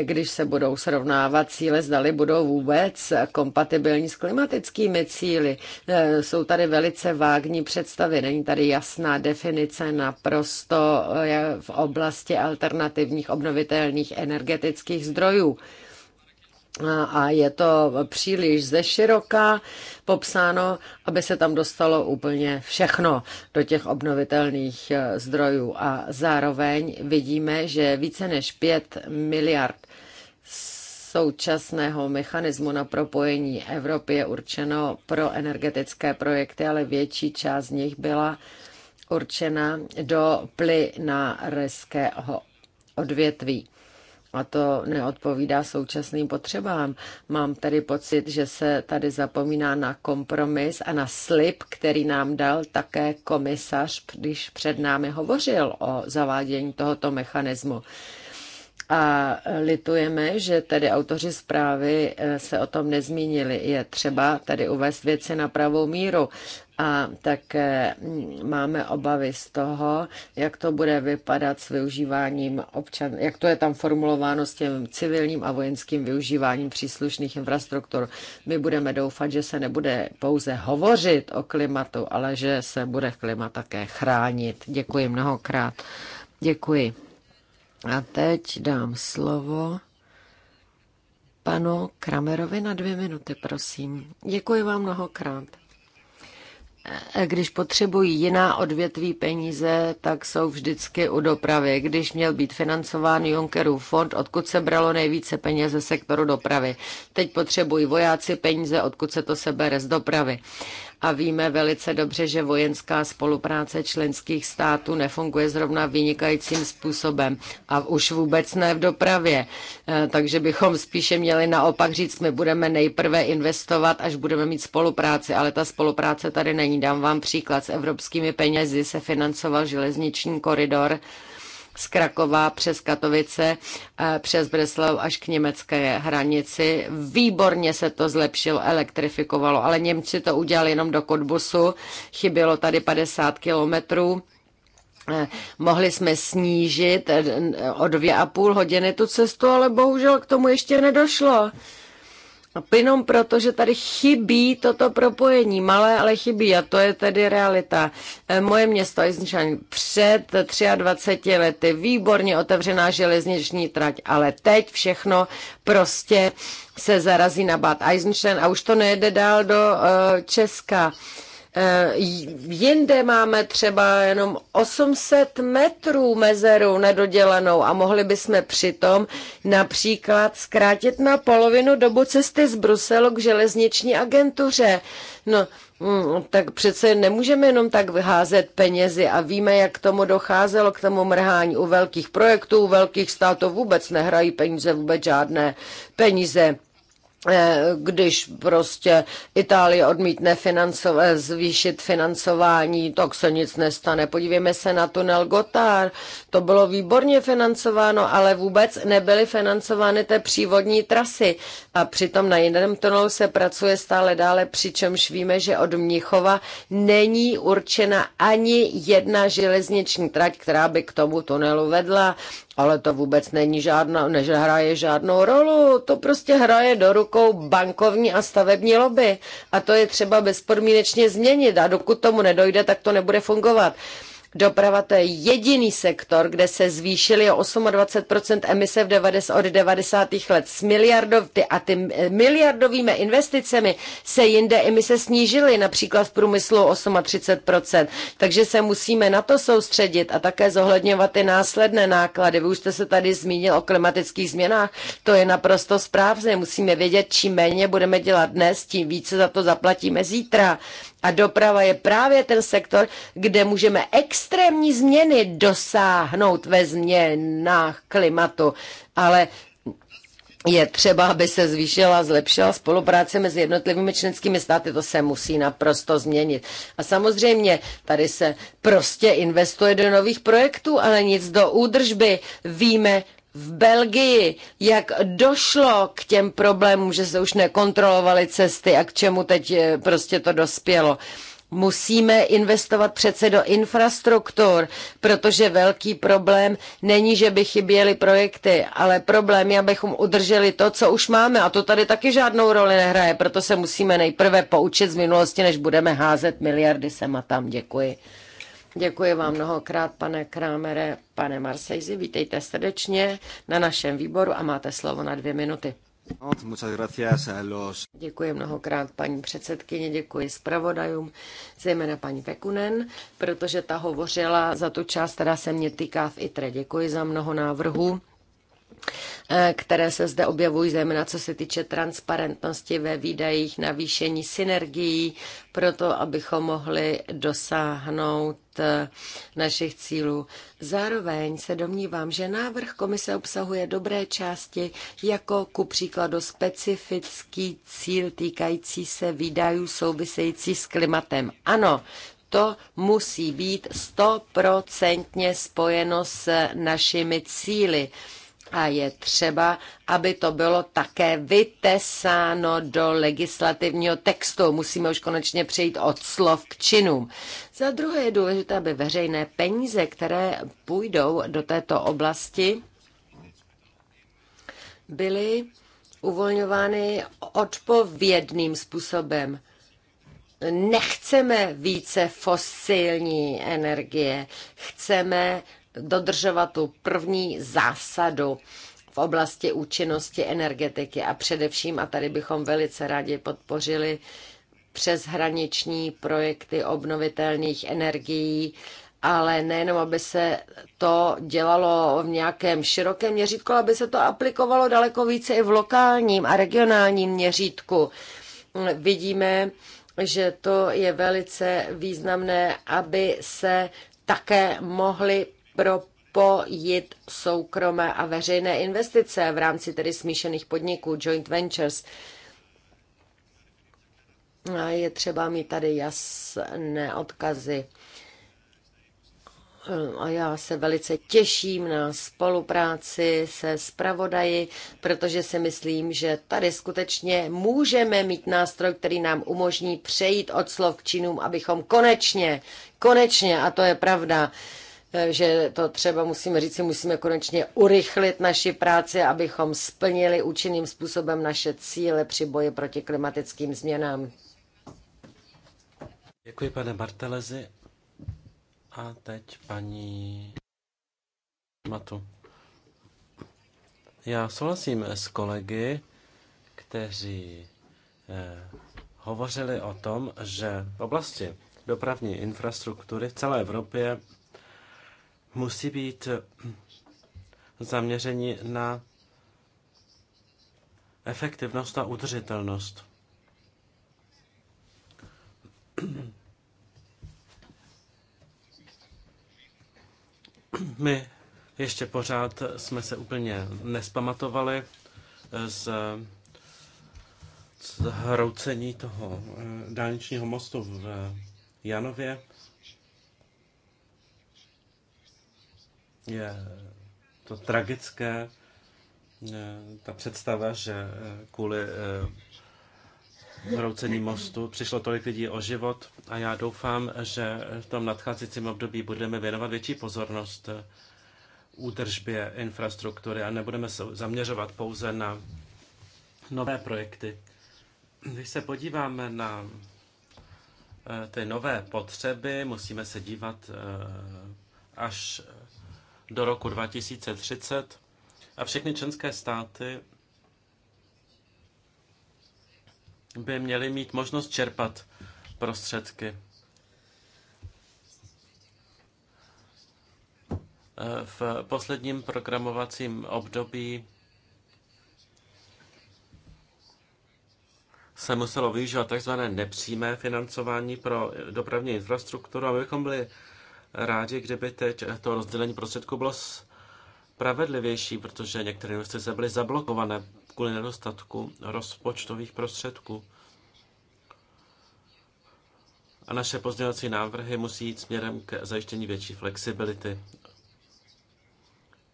[SPEAKER 1] když se budou srovnávat cíle, zdali budou vůbec kompatibilní s klimatickými cíly. Eh, jsou tady velice vágní představy, není tady jasná definice naprosto eh, v oblasti alternativních obnovitelných energetických zdrojů a je to příliš ze široka popsáno, aby se tam dostalo úplně všechno do těch obnovitelných eh, zdrojů. A zároveň vidíme, že více než 5 miliard současného mechanismu na propojení Evropy je určeno pro energetické projekty, ale větší část z nich byla určena do plynárského odvětví a to neodpovídá současným potřebám. Mám tady pocit, že se tady zapomíná na kompromis a na slib, který nám dal také komisař, když před námi hovořil o zavádění tohoto mechanismu. A litujeme, že tedy autoři zprávy eh, se o tom nezmínili. Je třeba tady uvést věci na pravou míru a také eh, máme obavy z toho, jak to bude vypadat s využíváním občan, jak to je tam formulováno s tím civilním a vojenským využíváním příslušných infrastruktur. My budeme doufat, že se nebude pouze hovořit o klimatu, ale že se bude klima také chránit. Děkuji mnohokrát. Děkuji. A teď dám slovo panu Kramerovi na dvě minuty, prosím. Děkuji vám mnohokrát když potřebují jiná odvětví peníze, tak jsou vždycky u dopravy. Když měl být financován Junckerův fond, odkud se bralo nejvíce peněz ze sektoru dopravy. Teď potřebují vojáci peníze, odkud se to sebere z dopravy a víme velice dobře, že vojenská spolupráce členských států nefunguje zrovna vynikajícím způsobem a už vůbec ne v dopravě. E, takže bychom spíše měli naopak říct, my budeme nejprve investovat, až budeme mít spolupráci, ale ta spolupráce tady není. Dám vám příklad. S evropskými penězi se financoval železniční koridor z Krakova přes Katovice, eh, přes Breslau až k německé hranici. Výborně se to zlepšilo, elektrifikovalo, ale Němci to udělali jenom do Kodbusu. Chybělo tady 50 kilometrů eh, mohli jsme snížit eh, o dvě a půl hodiny tu cestu, ale bohužel k tomu ještě nedošlo. No, jenom proto, že tady chybí toto propojení, malé, ale chybí a to je tedy realita. E, moje město Eisenstein před 23 lety, výborně otevřená železniční trať, ale teď všechno prostě se zarazí na Bad Eisenstein a už to nejde dál do e, Česka. Eh, jinde máme třeba jenom 800 metrů mezeru nedodělanou a mohli bychom přitom například zkrátit na polovinu dobu cesty z Bruselu k železniční agentuře. No, mm, tak přece nemůžeme jenom tak vyházet penězi a víme, jak k tomu docházelo, k tomu mrhání u velkých projektů, u velkých států vůbec nehrají peníze, vůbec žádné peníze Eh, když prostě Itálie odmítne financové, eh, zvýšit financování, tak se nic nestane. Podívejme se na tunel Gotár. To bylo výborně financováno, ale vůbec nebyly financovány té přívodní trasy. A přitom na jiném tunelu se pracuje stále dále, přičemž víme, že od Mnichova není určena ani jedna železniční trať, která by k tomu tunelu vedla. Ale to vůbec není žádná, než hraje žádnou rolu, to prostě hraje do rukou bankovní a stavební lobby. A to je třeba bezpodmínečně změnit a dokud tomu nedojde, tak to nebude fungovat. Doprava to je jediný sektor, kde se zvýšily o 28% emise v 90, od 90. let. S miliardov, ty, a ty miliardovými investicemi se jinde emise snížily, například v průmyslu o 38%. Takže se musíme na to soustředit a také zohledňovat ty následné náklady. Vy už jste se tady zmínil o klimatických změnách. To je naprosto správně. Musíme vědět, čím méně budeme dělat dnes, tím více za to zaplatíme zítra. A doprava je právě ten sektor, kde můžeme extrémní změny dosáhnout ve změnách klimatu. Ale je třeba, aby se zvýšila, zlepšila spolupráce mezi jednotlivými členskými státy, to se musí naprosto změnit. A samozřejmě tady se prostě investuje do nových projektů, ale nic do údržby. Víme, v Belgii, jak došlo k těm problémům, že se už nekontrolovaly cesty a k čemu teď eh, prostě to dospělo. Musíme investovat přece do infrastruktur, protože velký problém není, že by chyběly projekty, ale problém je, abychom udrželi to, co už máme. A to tady taky žádnou roli nehraje, proto se musíme nejprve poučit z minulosti, než budeme házet miliardy sem a tam. Děkuji. Děkuji vám mnohokrát, pane Krámere, pane Marsejzi. Vítejte srdečně na našem výboru a máte slovo na dvě minuty. Děkuji mnohokrát paní předsedkyně, děkuji zpravodajům, zejména paní Pekunen, protože ta hovořila za tu část, která se mě týká v ITRE. Děkuji za mnoho návrhů Eh, které se zde objevují, zejména co se týče transparentnosti ve výdajích, navýšení synergií, proto abychom mohli dosáhnout eh, našich cílů. Zároveň se domnívám, že návrh komise obsahuje dobré části, jako ku příkladu specifický cíl týkající se výdajů související s klimatem. Ano, to musí být stoprocentně spojeno s našimi cíly a je třeba, aby to bylo také vytesáno do legislativního textu. Musíme už konečně přejít od slov k činům. Za druhé je důležité, aby veřejné peníze, které půjdou do této oblasti, byly uvolňovány odpovědným způsobem. Nechceme více fosilní energie, chceme dodržovat tu první zásadu v oblasti účinnosti energetiky a především, a tady bychom velice rádi podpořili přeshraniční projekty obnovitelných energií, ale nejenom, aby se to dělalo v nějakém širokém měřítku, aby se to aplikovalo daleko více i v lokálním a regionálním měřítku. Vidíme, že to je velice významné, aby se také mohly propojit soukromé a veřejné investice v rámci tedy smíšených podniků, joint ventures. A je třeba mít tady jasné odkazy. A já se velice těším na spolupráci se zpravodaji, protože si myslím, že tady skutečně můžeme mít nástroj, který nám umožní přejít od slov k činům, abychom konečně, konečně, a to je pravda, Eh, že to třeba musíme říct, musíme konečně urychlit naši práci, abychom splnili účinným způsobem naše cíle při boji proti klimatickým změnám.
[SPEAKER 2] Děkuji, pane Bartelezi. A teď paní Matu. Já souhlasím s kolegy, kteří eh, hovořili o tom, že v oblasti dopravní infrastruktury v celé Evropě musí být eh, zaměření na efektivnost a udržitelnost. My ještě pořád jsme se úplně nespamatovali eh, z, z hroucení toho eh, dálničního mostu v Janově. je to tragické, e, ta představa, že e, kvůli vroucení e, mostu přišlo tolik lidí o život a já doufám, že v tom nadcházejícím období budeme věnovat větší pozornost údržbě infrastruktury a nebudeme se zaměřovat pouze na nové projekty. Když se podíváme na ty nové potřeby, musíme se dívat až do roku 2030 a všechny členské státy by měly mít možnost čerpat prostředky. V posledním programovacím období se muselo využívat tzv. nepřímé financování pro dopravní infrastrukturu, abychom byli rádi, kdyby teď to rozdělení prostředků bylo spravedlivější, protože některé investice byly zablokované kvůli nedostatku rozpočtových prostředků. A naše pozdělací návrhy musí jít směrem k zajištění větší flexibility.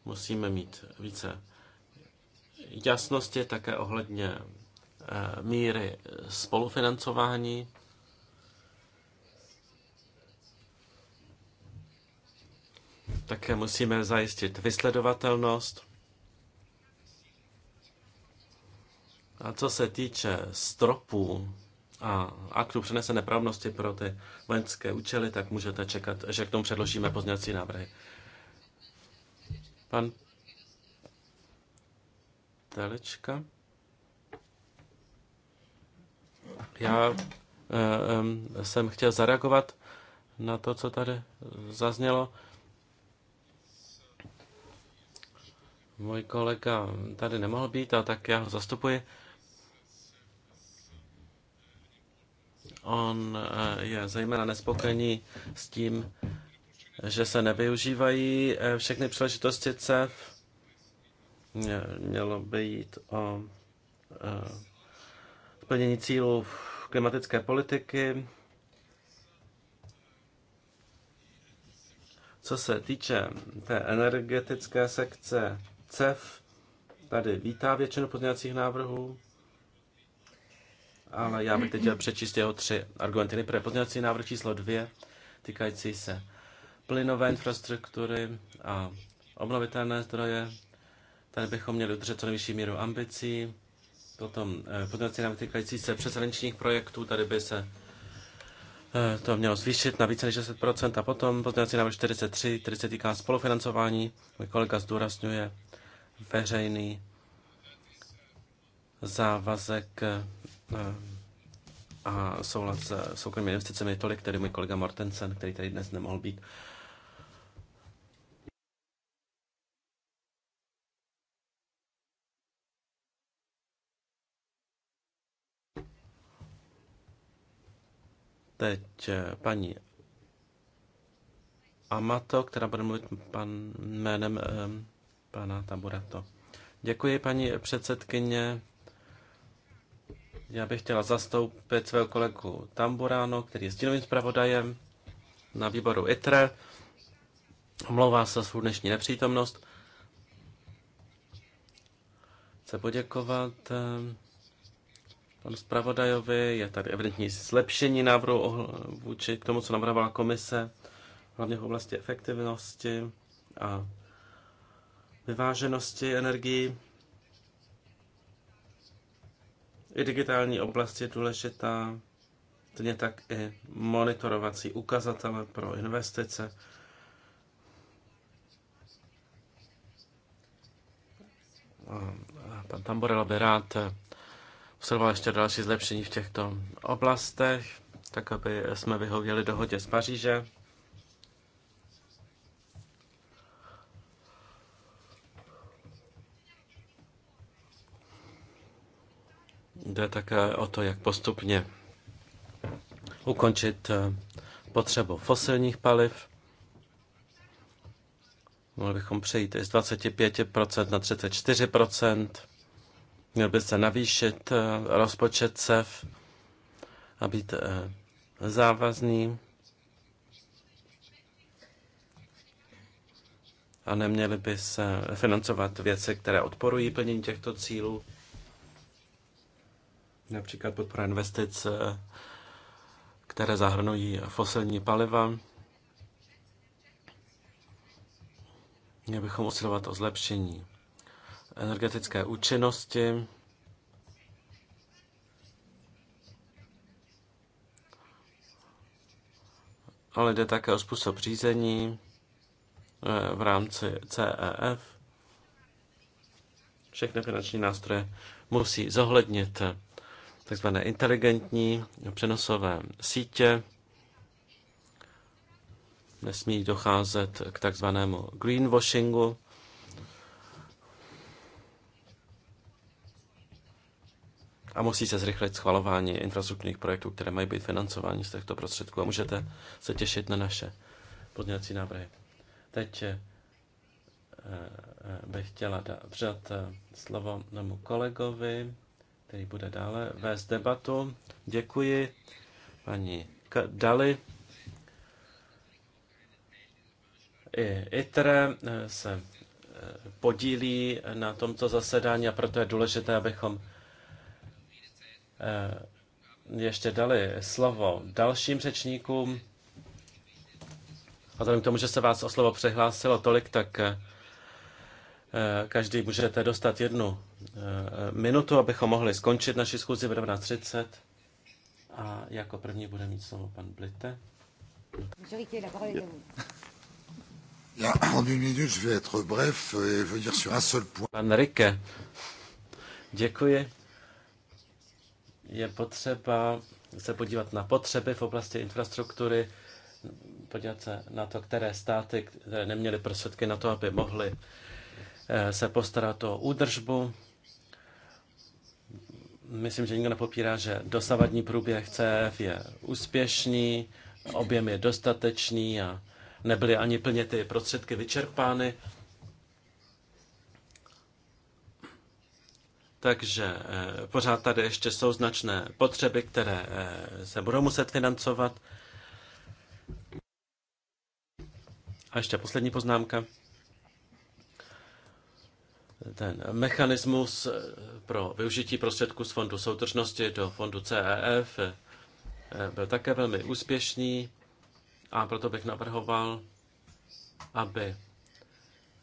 [SPEAKER 2] Musíme mít více jasnosti také ohledně eh, míry spolufinancování Také musíme zajistit vysledovatelnost. A co se týče stropů a aktů přenesené pravnosti pro ty vojenské účely, tak můžete čekat, že k tomu předložíme pozněcí návrhy. Pan Telečka. Já eh, jsem chtěl zareagovat na to, co tady zaznělo. Můj kolega tady nemohl být, a tak já ho zastupuji. On eh, je zejména nespokojený s tím, že se nevyužívají eh, všechny příležitosti CEF. Mělo by jít o eh, splnění cílů klimatické politiky. Co se týče té energetické sekce, CEF tady vítá většinu pozměňovacích návrhů, ale já bych teď chtěl přečíst jeho tři argumenty. Nejprve pozměňovací návrh číslo dvě, týkající se plynové infrastruktury a obnovitelné zdroje. Tady bychom měli udržet co nejvyšší míru ambicí. Potom eh, pozměňovací návrh týkající se přeshraničních projektů, tady by se eh, to mělo zvýšit na více než 10%. A potom pozměňovací návrh 43, který se týká spolufinancování. Můj kolega zdůrazňuje, veřejný závazek eh, a soulad s soukromými investicemi. Tolik tedy můj kolega Mortensen, který tady dnes nemohl být. Teď eh, paní Amato, která bude mluvit pan jménem eh, pana Taburato. Děkuji, paní předsedkyně. Já bych chtěla zastoupit svého kolegu Tamburáno, který je sdílovým zpravodajem na výboru ITRE. Omlouvá se za svou dnešní nepřítomnost. Chce poděkovat eh, panu zpravodajovi. Je tady evidentní zlepšení návrhu vůči k tomu, co navrhovala komise, hlavně v oblasti efektivnosti a vyváženosti energii. I digitální oblast je důležitá, stejně tak i monitorovací ukazatele pro investice. pan Tamborela by rád usiloval ještě další zlepšení v těchto oblastech, tak aby jsme vyhověli dohodě z Paříže. Jde také o to, jak postupně ukončit eh, potřebu fosilních paliv. Mohli bychom přejít z 25% na 34%. Měl by se navýšit eh, rozpočet CEF a být eh, závazný. A neměly by se financovat věci, které odporují plnění těchto cílů například podpora investic, eh, které zahrnují fosilní paliva. Měli bychom usilovat o zlepšení energetické účinnosti, ale jde také o způsob řízení eh, v rámci CEF. Všechny finanční nástroje musí zohlednit takzvané inteligentní přenosové sítě. Nesmí docházet k takzvanému greenwashingu. A musí se zrychlit schvalování infrastrukturních projektů, které mají být financovány z těchto prostředků. A můžete se těšit na naše podněcí návrhy. Teď eh, eh, bych chtěla dát eh, slovo mému kolegovi který bude dále vést debatu. Děkuji paní Dali. I ITRE eh, se eh, podílí na tomto zasedání a proto je důležité, abychom eh, ještě dali slovo dalším řečníkům. A k tomu, že se vás o slovo přihlásilo tolik, tak každý můžete dostat jednu Eh, minutu, abychom mohli skončit naši schůzi v 19.30. A jako první bude mít slovo pan Blite. Já, en une minute, je vais être bref et venir sur un seul point. Pan Rike, děkuji. Je potřeba se podívat na potřeby v oblasti infrastruktury, podívat se na to, které státy, které neměly prostředky na to, aby mohly eh, se postarat o údržbu Myslím, že nikdo nepopírá, že dosavadní průběh CF je úspěšný, objem je dostatečný a nebyly ani plně ty prostředky vyčerpány. Takže eh, pořád tady ještě jsou značné potřeby, které eh, se budou muset financovat. A ještě poslední poznámka ten mechanismus eh, pro využití prostředků z fondu soudržnosti do fondu CEF eh, byl také velmi úspěšný a proto bych navrhoval, aby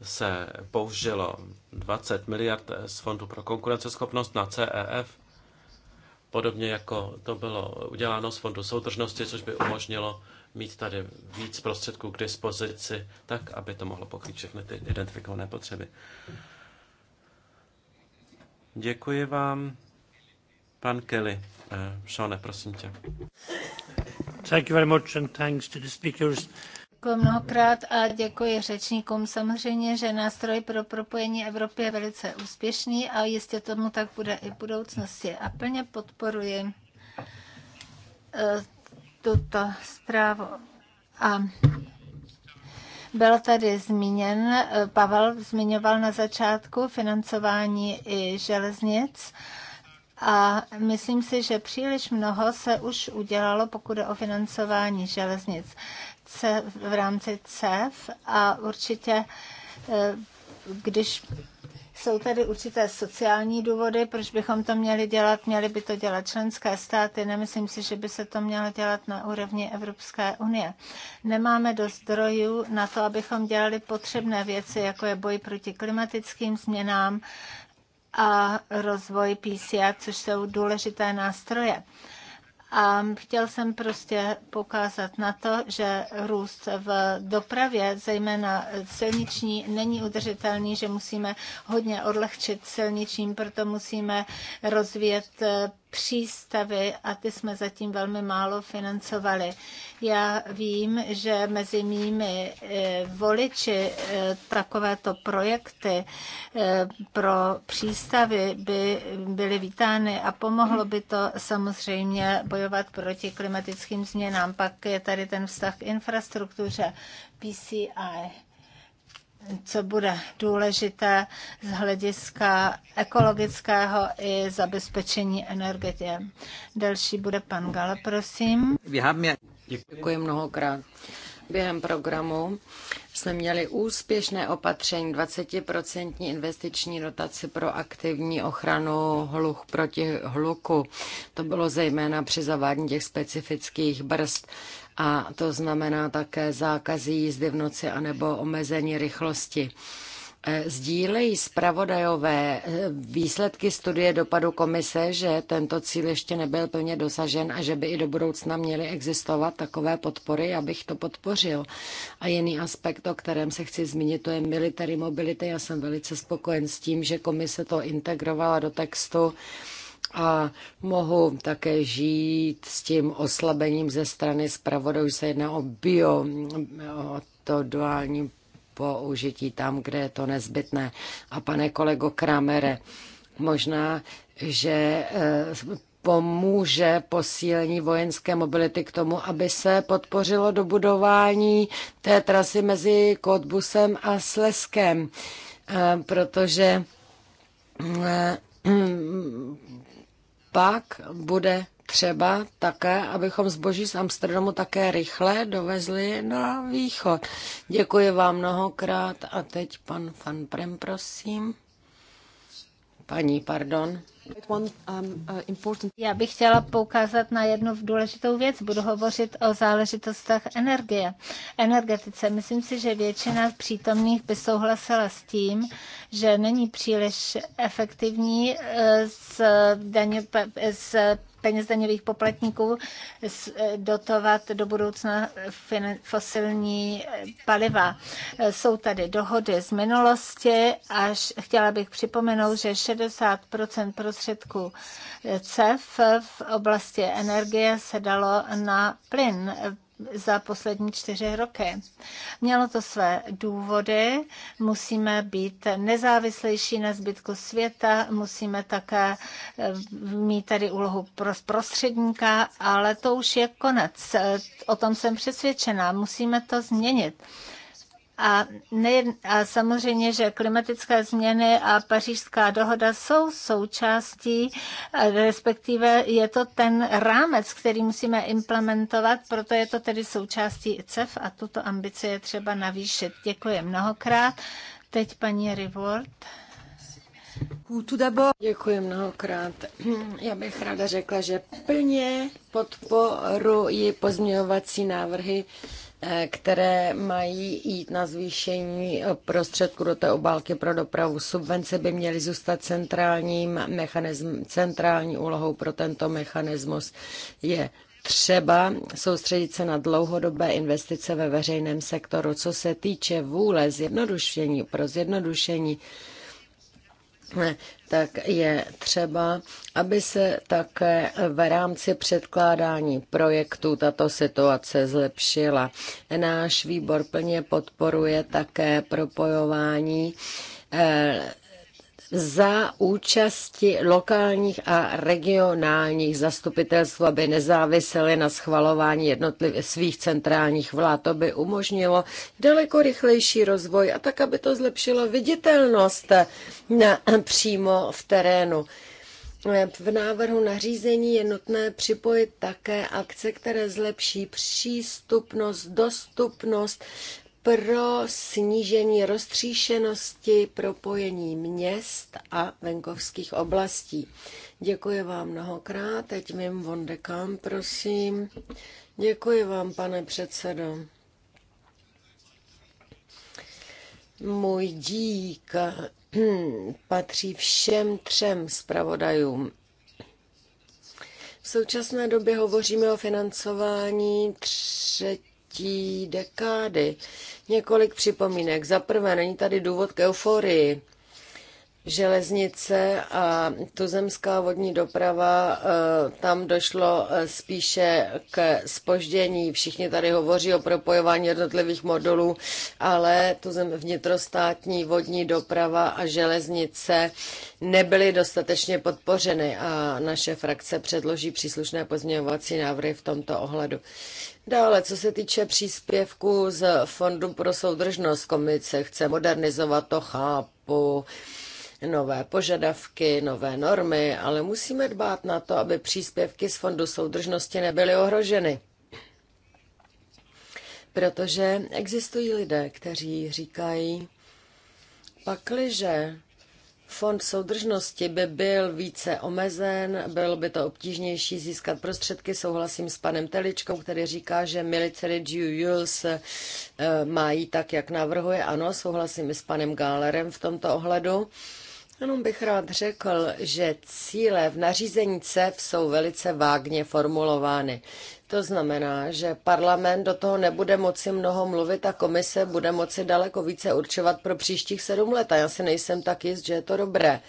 [SPEAKER 2] se použilo 20 miliard eh, z Fondu pro konkurenceschopnost na CEF, podobně jako to bylo uděláno z Fondu soudržnosti, což by umožnilo mít tady víc prostředků k dispozici, tak aby to mohlo pokrýt všechny ty identifikované potřeby. Děkuji vám. Pan Kelly, Šone, eh, prosím tě. Thank you very much and thanks to the speakers.
[SPEAKER 3] Děkuji mnohokrát a děkuji řečníkům. Samozřejmě, že nástroj pro propojení Evropy je velice úspěšný a jistě tomu tak bude i v budoucnosti. A plně podporuji eh, tuto zprávu. A byl tady zmíněn, eh, Pavel zmiňoval na začátku financování i železnic. A myslím si, že příliš mnoho se už udělalo, pokud je o financování železnic v rámci CEF a určitě, eh, když jsou tady určité sociální důvody, proč bychom to měli dělat. Měly by to dělat členské státy. Nemyslím si, že by se to mělo dělat na úrovni Evropské unie. Nemáme dost zdrojů na to, abychom dělali potřebné věci, jako je boj proti klimatickým změnám a rozvoj PCR, což jsou důležité nástroje. A chtěl jsem prostě poukázat na to, že růst v dopravě, zejména silniční, není udržitelný, že musíme hodně odlehčit silničním, proto musíme rozvíjet přístavy a ty jsme zatím velmi málo financovali. Já vím, že mezi mými e, voliči e, takovéto projekty e, pro přístavy by byly vítány a pomohlo by to samozřejmě bojovat proti klimatickým změnám. Pak je tady ten vztah k infrastruktuře PCI co bude důležité z hlediska ekologického i zabezpečení energie. Další bude pan Gala, prosím.
[SPEAKER 1] Děkuji mnohokrát. Během programu jsme měli úspěšné opatření 20% investiční dotaci pro aktivní ochranu hluch proti hluku. To bylo zejména při zavádění těch specifických brzd a to znamená také zákazy jízdy v noci anebo omezení rychlosti. E, sdílejí zpravodajové e, výsledky studie dopadu komise, že tento cíl ještě nebyl plně dosažen a že by i do budoucna měly existovat takové podpory, abych to podpořil. A jiný aspekt, o kterém se chci zmínit, to je military mobility. Já jsem velice spokojen s tím, že komise to integrovala do textu a mohu také žít s tím oslabením ze strany zpravodajů. Se jedná o bio, o to duální použití tam, kde je to nezbytné. A pane kolego Kramere, možná, že eh, pomůže posílení vojenské mobility k tomu, aby se podpořilo dobudování té trasy mezi Kotbusem a Sleskem, eh, protože eh, pak bude třeba také, abychom zboží z Amsterdamu také rychle dovezli na východ. Děkuji vám mnohokrát a teď pan Van Prem, prosím. Paní,
[SPEAKER 3] pardon. Um, uh, Já bych chtěla poukázat na jednu důležitou věc. Budu hovořit o záležitostech energie, energetice. Myslím si, že většina přítomných by souhlasila s tím, že není příliš efektivní eh, s daně, eh, s peněz daňových poplatníků eh, dotovat do budoucna fosilní eh, paliva. Eh, jsou tady dohody z minulosti a chtěla bych připomenout, že 60 prostředků CEF v oblasti energie se dalo na plyn za poslední čtyři roky. Mělo to své důvody, musíme být nezávislejší na zbytku světa, musíme také eh, mít tady úlohu prostředníka, ale to už je konec. O tom jsem přesvědčená, musíme to změnit a, a samozřejmě, že klimatické změny a pařížská dohoda jsou součástí, respektive je to ten rámec, který musíme implementovat, proto je to tedy součástí CEF a tuto ambici je třeba navýšit. Děkuji mnohokrát. Teď paní Reward. Děkuji mnohokrát. Já bych ráda řekla, že plně
[SPEAKER 1] podporuji pozměňovací návrhy které mají jít na zvýšení prostředků do té obálky pro dopravu. Subvence by měly zůstat centrálním mechanism, centrální úlohou pro tento mechanismus je třeba soustředit se na dlouhodobé investice ve veřejném sektoru. Co se týče vůle zjednodušení pro zjednodušení, tak je třeba, aby se také v rámci předkládání projektu tato situace zlepšila. Náš výbor plně podporuje také propojování eh, za účasti lokálních a regionálních zastupitelstv, aby nezávisely na schvalování jednotlivých svých centrálních vlád. To by umožnilo daleko rychlejší rozvoj a tak, aby to zlepšilo viditelnost na, přímo v terénu. V návrhu nařízení je nutné připojit také akce, které zlepší přístupnost, dostupnost pro snížení roztříšenosti propojení měst a venkovských oblastí. Děkuji vám mnohokrát. Teď mým Vondekám, prosím. Děkuji vám, pane předsedo. Můj dík patří všem třem zpravodajům. V současné době hovoříme o financování třetí třetí dekády. Několik připomínek. Za prvé, není tady důvod k euforii. Železnice a tuzemská vodní doprava, eh, tam došlo eh, spíše k spoždění. Všichni tady hovoří o propojování jednotlivých modulů, ale tuzem vnitrostátní vodní doprava a železnice nebyly dostatečně podpořeny a naše frakce předloží příslušné pozměňovací návrhy v tomto ohledu. Dále, co se týče příspěvku z Fondu pro soudržnost komice, chce modernizovat to, chápu, nové požadavky, nové normy, ale musíme dbát na to, aby příspěvky z Fondu soudržnosti nebyly ohroženy. Protože existují lidé, kteří říkají, pakliže Fond soudržnosti by byl více omezen, bylo by to obtížnější získat prostředky. Souhlasím s panem Teličkou, který říká, že military due eh, mají tak, jak navrhuje. Ano, souhlasím i s panem Gálerem v tomto ohledu. Jenom bych rád řekl, že cíle v nařízení CEF jsou velice vágně formulovány. To znamená, že parlament do toho nebude moci mnoho mluvit a komise bude moci daleko více určovat pro příštích sedm let. A já si nejsem tak jist, že je to dobré.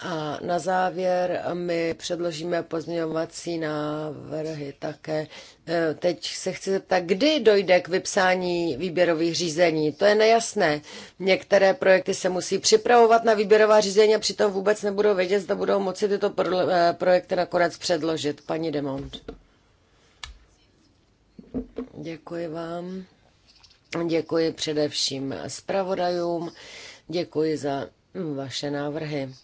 [SPEAKER 1] A na závěr my předložíme pozměňovací návrhy také. E, teď se chci zeptat, kdy dojde k vypsání výběrových řízení. To je nejasné. Některé projekty se musí připravovat na výběrová řízení a přitom vůbec nebudou vědět, zda budou moci tyto e, projekty nakonec předložit. Paní Demont. Děkuji vám. Děkuji především zpravodajům. Děkuji za vaše návrhy.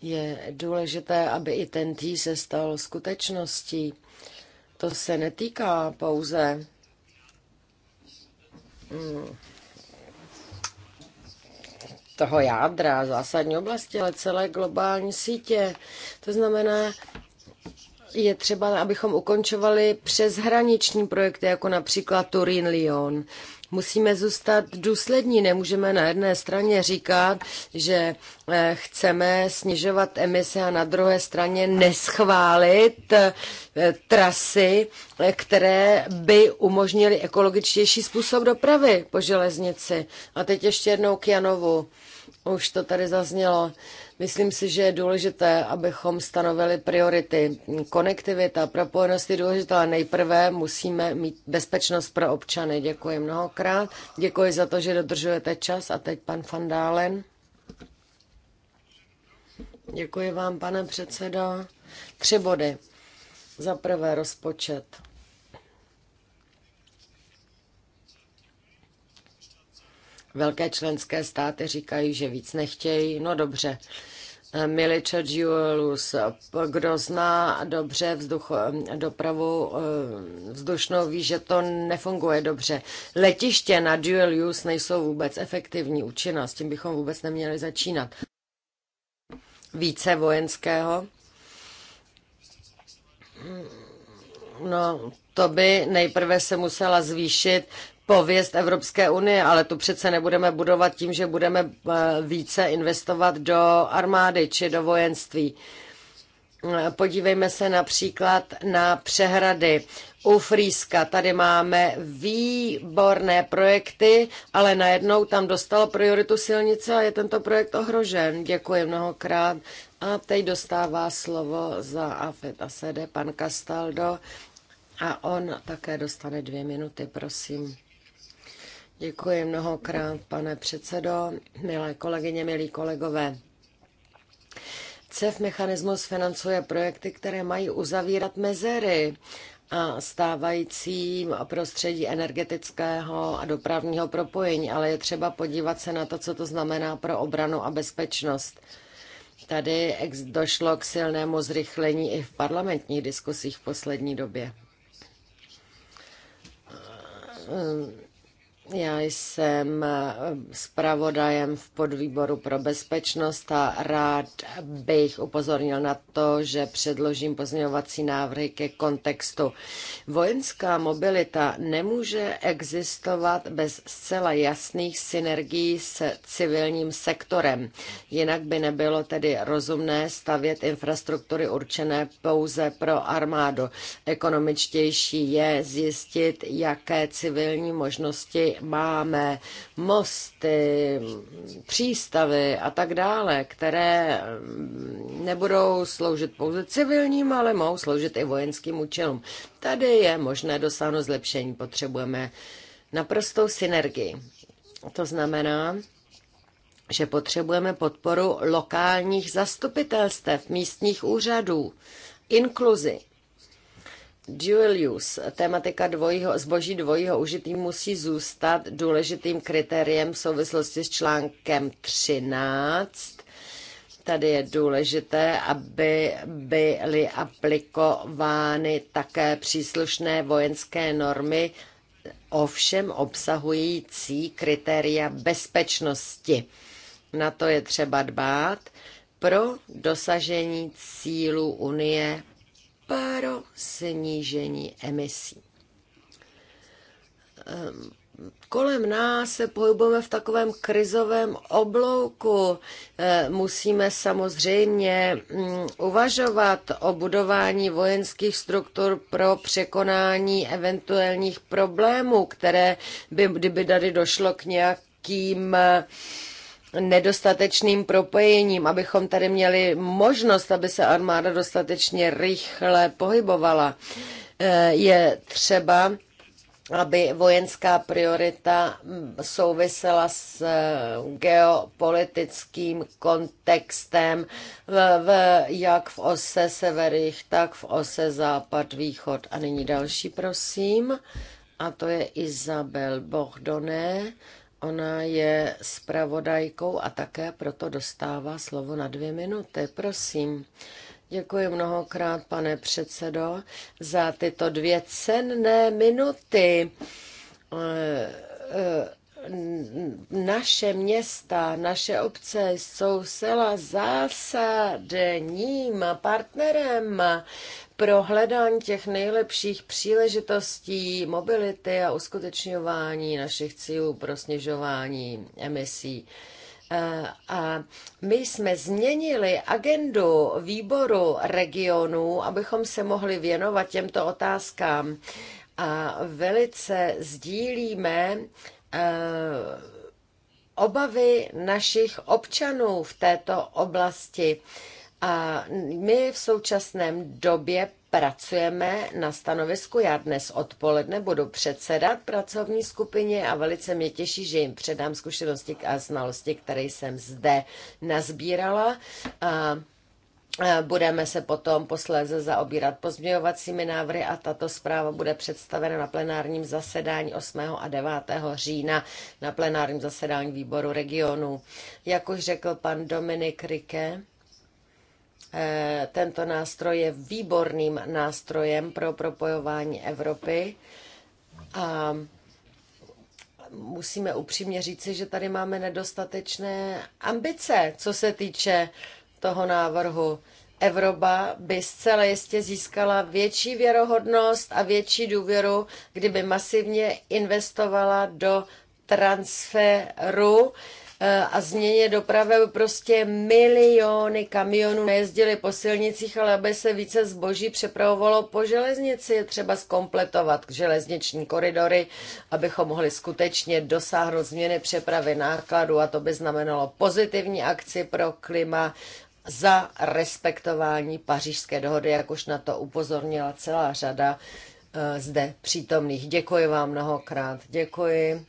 [SPEAKER 1] Je důležité, aby i ten tý se stal skutečností. To se netýká pouze mm, toho jádra, zásadní oblasti, ale celé globální sítě. To znamená, je třeba, abychom ukončovali přeshraniční projekty, jako například Turín-Lyon. Musíme zůstat důslední, nemůžeme na jedné straně říkat, že eh, chceme snižovat emise a na druhé straně neschválit eh, trasy, eh, které by umožnily ekologičtější způsob dopravy po železnici. A teď ještě jednou k Janovu. Už to tady zaznělo. Myslím si, že je důležité, abychom stanovili priority. Konektivita, propojenost je důležitá, ale nejprve musíme mít bezpečnost pro občany. Děkuji mnohokrát. Děkuji za to, že dodržujete čas. A teď pan Fandálen. Děkuji vám, pane předsedo. Tři body. Za prvé rozpočet. Velké členské státy říkají, že víc nechtějí. No dobře. Eh, Miliče Giulus, kdo zná dobře vzduch, dopravu eh, vzdušnou, ví, že to nefunguje dobře. Letiště na dual use nejsou vůbec efektivní, účinná, s tím bychom vůbec neměli začínat. Více vojenského? No, to by nejprve se musela zvýšit pověst Evropské unie, ale tu přece nebudeme budovat tím, že budeme eh, více investovat do armády či do vojenství. Eh, podívejme se například na přehrady. U Frýska tady máme výborné projekty, ale najednou tam dostalo prioritu silnice a je tento projekt ohrožen. Děkuji mnohokrát. A teď dostává slovo za AFET a pan Castaldo a on také dostane dvě minuty, prosím. Děkuji mnohokrát, pane předsedo, milé kolegyně, milí kolegové. CEF mechanismus financuje projekty, které mají uzavírat mezery a stávající prostředí energetického a dopravního propojení, ale je třeba podívat se na to, co to znamená pro obranu a bezpečnost. Tady došlo k silnému zrychlení i v parlamentních diskusích v poslední době já jsem eh, zpravodajem v podvýboru pro bezpečnost a rád bych upozornil na to, že předložím pozměňovací návrhy ke kontextu. Vojenská mobilita nemůže existovat bez zcela jasných synergií s civilním sektorem. Jinak by nebylo tedy rozumné stavět infrastruktury určené pouze pro armádu. Ekonomičtější je zjistit, jaké civilní možnosti máme mosty, přístavy a tak dále, které mm, nebudou sloužit pouze civilním, ale mohou sloužit i vojenským účelům. Tady je možné dosáhnout zlepšení. Potřebujeme naprostou synergii. To znamená, že potřebujeme podporu lokálních zastupitelstev, místních úřadů, inkluzi Dual use, tématika dvojího, zboží dvojího užití musí zůstat důležitým kritériem v souvislosti s článkem 13. Tady je důležité, aby byly aplikovány také příslušné vojenské normy, ovšem obsahující kritéria bezpečnosti. Na to je třeba dbát pro dosažení cílů Unie pro snížení emisí. Ehm, kolem nás se pohybujeme v takovém krizovém oblouku. Ehm, musíme samozřejmě mm, uvažovat o budování vojenských struktur pro překonání eventuálních problémů, které by, kdyby tady došlo k nějakým nedostatečným propojením, abychom tady měli možnost, aby se armáda dostatečně rychle pohybovala. Eh, je třeba, aby vojenská priorita souvisela s eh, geopolitickým kontextem v, v, jak v ose severých, tak v ose západ-východ. A nyní další, prosím. A to je Isabel Bohdoné Ona je spravodajkou a také proto dostává slovo na dvě minuty. Prosím. Děkuji mnohokrát, pane předsedo, za tyto dvě cenné minuty eh, eh, naše města, naše obce jsou zcela zásadním partnerem pro hledání těch nejlepších příležitostí mobility a uskutečňování našich cílů pro snižování emisí. A my jsme změnili agendu výboru regionů, abychom se mohli věnovat těmto otázkám. A velice sdílíme Eh, obavy našich občanů v této oblasti. A my v současném době pracujeme na stanovisku. Já dnes odpoledne budu předsedat pracovní skupině a velice mě těší, že jim předám zkušenosti a znalosti, které jsem zde nazbírala. A Eh, budeme se potom posléze zaobírat pozměňovacími návrhy a tato zpráva bude představena na plenárním zasedání 8. a 9. října na plenárním zasedání výboru regionů. Jak už řekl pan Dominik Rike, eh, tento nástroj je výborným nástrojem pro propojování Evropy a musíme upřímně říci, že tady máme nedostatečné ambice, co se týče toho návrhu. Evropa by zcela jistě získala větší věrohodnost a větší důvěru, kdyby masivně investovala do transferu eh, a změně dopravy, aby prostě miliony kamionů nejezdily po silnicích, ale aby se více zboží přepravovalo po železnici, třeba zkompletovat železniční koridory, abychom mohli skutečně dosáhnout změny přepravy nákladu a to by znamenalo pozitivní akci pro klima za respektování pařížské dohody, jak už na to upozornila celá řada eh, zde přítomných. Děkuji vám mnohokrát. Děkuji.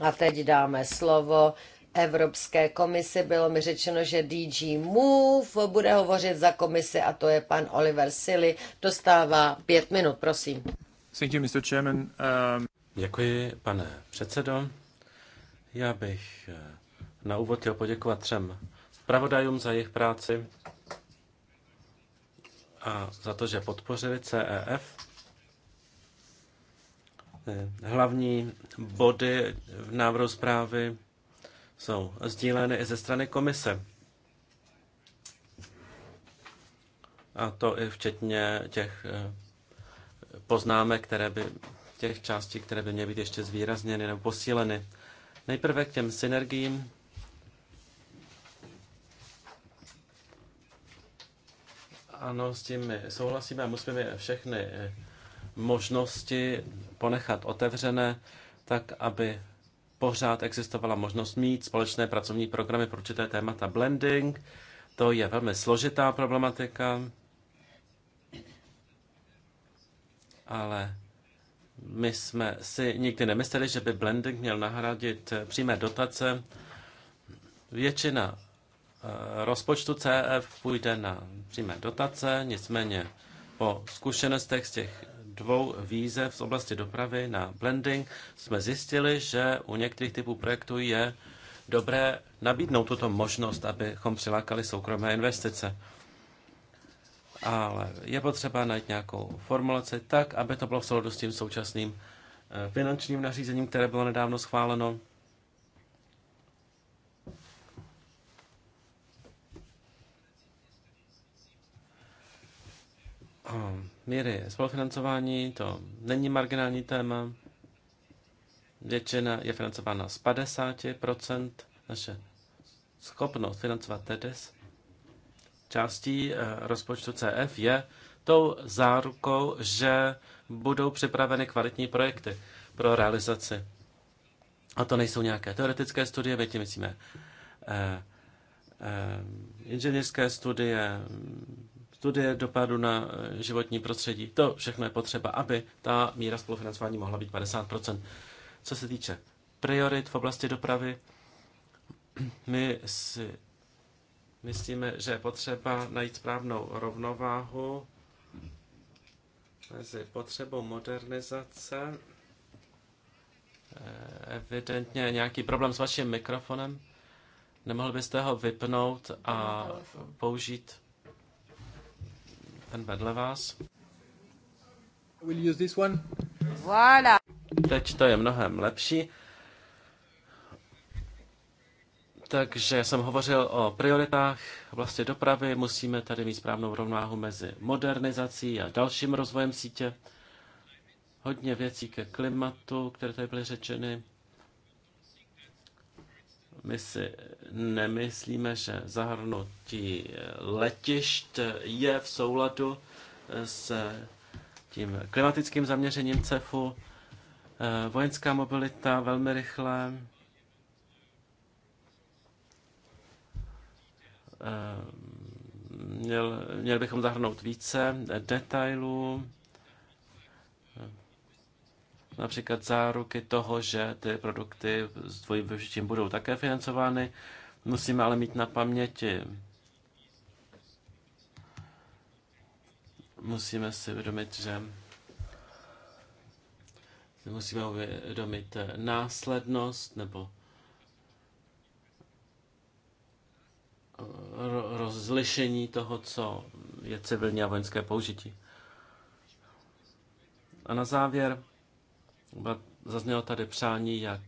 [SPEAKER 1] A teď dáme slovo Evropské komisi. Bylo mi řečeno, že DG Move bude hovořit za komisi a to je pan Oliver Silly. Dostává pět minut, prosím.
[SPEAKER 2] Thank you, Mr. Chairman. Um... Děkuji, pane předsedo. Já bych eh, na úvod chtěl poděkovat třem zpravodajům za jejich práci a za to, že podpořili CEF. Eh, hlavní body v návrhu zprávy jsou sdíleny i ze strany komise. A to i včetně těch eh, poznámek, které by, těch částí, které by měly být ještě zvýrazněny nebo posíleny. Nejprve k těm synergiím. Ano, s tím souhlasíme a musíme všechny eh, možnosti ponechat otevřené, tak aby pořád existovala možnost mít společné pracovní programy pro určité témata. Blending, to je velmi složitá problematika, ale my jsme si nikdy nemysleli, že by blending měl nahradit přímé dotace. Většina rozpočtu CF e půjde na přímé dotace, nicméně po zkušenostech z těch dvou výzev z oblasti dopravy na blending jsme zjistili, že u některých typů projektů je dobré nabídnout tuto možnost, abychom přilákali soukromé investice. Ale je potřeba najít nějakou formulaci tak, aby to bylo v souladu s tím současným eh, finančním nařízením, které bylo nedávno schváleno. míry spolufinancování, to není marginální téma. Většina je financována z 50%. Naše schopnost financovat TEDES částí eh, rozpočtu CF je tou zárukou, že budou připraveny kvalitní projekty pro realizaci. A to nejsou nějaké teoretické studie, my tím myslíme eh, eh, inženýrské studie, studie dopadu na eh, životní prostředí. To všechno je potřeba, aby ta míra spolufinancování mohla být 50%. Co se týče priorit v oblasti dopravy, my si myslíme, že je potřeba najít správnou rovnováhu mezi potřebou modernizace. Eh, evidentně nějaký problém s vaším mikrofonem. Nemohl byste ho vypnout a použít ten vedle vás. We'll use this one. Voilà. Teď to je mnohem lepší. Takže jsem hovořil o prioritách vlastně dopravy. Musíme tady mít správnou rovnáhu mezi modernizací a dalším rozvojem sítě. Hodně věcí ke klimatu, které tady byly řečeny. My si nemyslíme, že zahrnutí letišť je v souladu s tím klimatickým zaměřením CEFu. Eh, vojenská mobilita velmi rychle. Eh, měl, měli bychom zahrnout více detailů například záruky toho, že ty produkty s dvojím využitím budou také financovány. Musíme ale mít na paměti, musíme si uvědomit, že musíme uvědomit následnost nebo rozlišení toho, co je civilní a vojenské použití. A na závěr Zaznělo tady přání, jak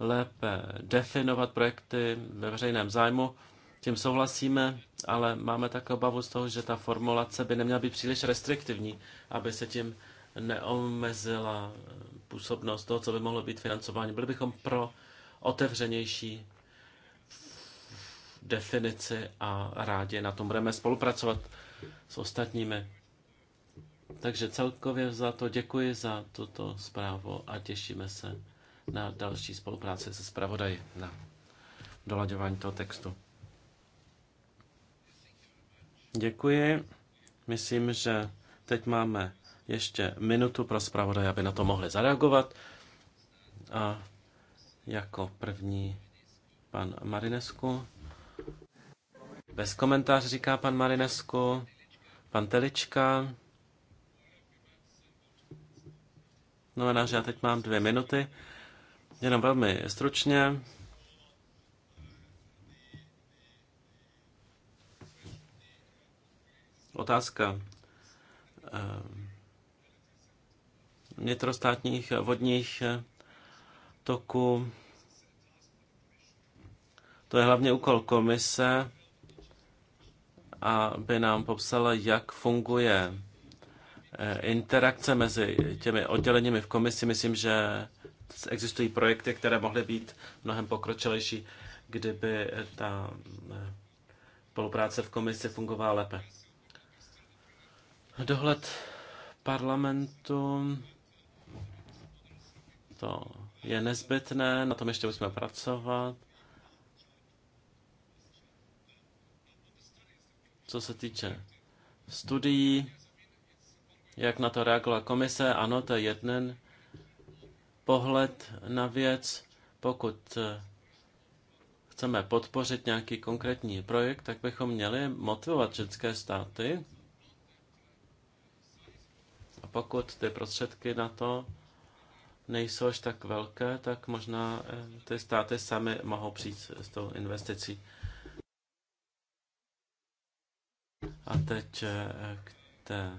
[SPEAKER 2] lépe definovat projekty ve veřejném zájmu. Tím souhlasíme, ale máme také obavu z toho, že ta formulace by neměla být příliš restriktivní, aby se tím neomezila působnost toho, co by mohlo být financování. Byli bychom pro otevřenější definici a rádi na tom budeme spolupracovat s ostatními. Takže celkově za to děkuji za tuto zprávu a těšíme se na další spolupráci se zpravodaji na dolaďování toho textu. Děkuji. Myslím, že teď máme ještě minutu pro zpravodaj, aby na to mohli zareagovat. A jako první pan Marinesku. Bez komentář říká pan Marinesku. Pan Telička. znamená, že já teď mám dvě minuty. Jenom velmi stručně. Otázka eh, vnitrostátních vodních toků. To je hlavně úkol komise, aby nám popsala, jak funguje Eh, interakce mezi těmi odděleními v komisi. Myslím, že existují projekty, které mohly být mnohem pokročilejší, kdyby ta eh, spolupráce v komisi fungovala lépe. Dohled parlamentu to je nezbytné, na tom ještě musíme pracovat. Co se týče studií, jak na to reagovala komise. Ano, to je jeden pohled na věc. Pokud eh, chceme podpořit nějaký konkrétní projekt, tak bychom měli motivovat české státy. A pokud ty prostředky na to nejsou až tak velké, tak možná eh, ty státy sami mohou přijít s tou investicí. A teď eh, k té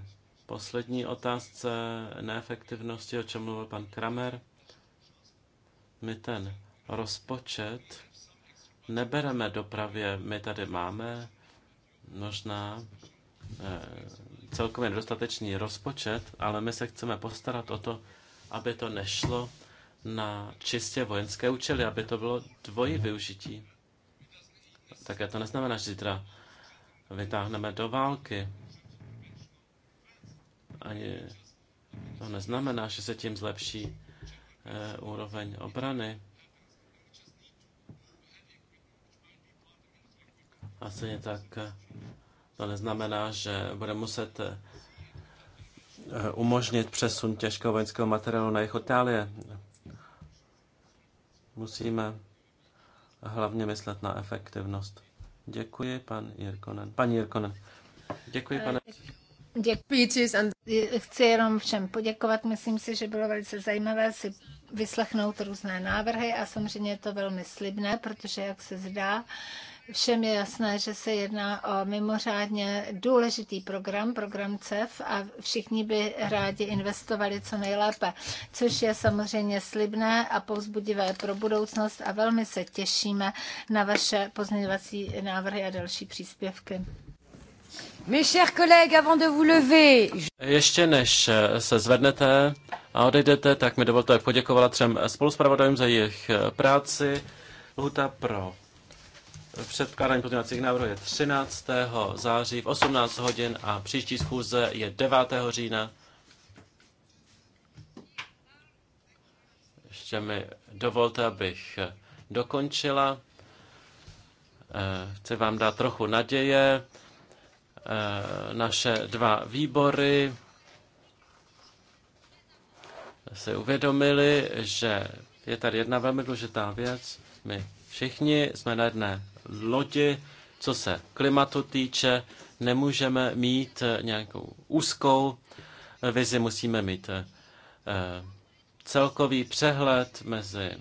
[SPEAKER 2] poslední otázce neefektivnosti, o čem mluvil pan Kramer. My ten rozpočet nebereme dopravě, my tady máme možná eh, celkově dostatečný rozpočet, ale my se chceme postarat o to, aby to nešlo na čistě vojenské účely, aby to bylo dvojí využití. Také to neznamená, že zítra vytáhneme do války ani to neznamená, že se tím zlepší eh, úroveň obrany. A stejně tak eh, to neznamená, že bude muset eh, umožnit přesun těžkého vojenského materiálu na jejich Itálie. Musíme hlavně myslet na efektivnost. Děkuji, pan Jirkonen. Pan Jirkonen. Děkuji, pane. Děkuji.
[SPEAKER 3] Děkuji. Chci jenom všem poděkovat. Myslím si, že bylo velice zajímavé si vyslechnout různé návrhy a samozřejmě je to velmi slibné, protože jak se zdá, Všem je jasné, že se jedná o mimořádně důležitý program, program CEF a všichni by rádi investovali co nejlépe, což je samozřejmě slibné a povzbudivé pro budoucnost a velmi se těšíme na vaše pozměňovací návrhy a další příspěvky.
[SPEAKER 2] Ještě než eh, se zvednete a odejdete, tak mi dovolte poděkovat třem spoluspravodajům za jejich eh, práci. Lhuta pro předkládání pozměňovacích návrhů je 13. září v 18 hodin a příští schůze je 9. října. Ještě mi dovolte, abych eh, dokončila. Chci vám dát trochu naděje. Eh, naše dva výbory si uvědomili, že je tady jedna velmi důležitá věc. My všichni jsme na jedné lodi, co se klimatu týče, nemůžeme mít nějakou úzkou vizi, musíme mít eh, celkový přehled mezi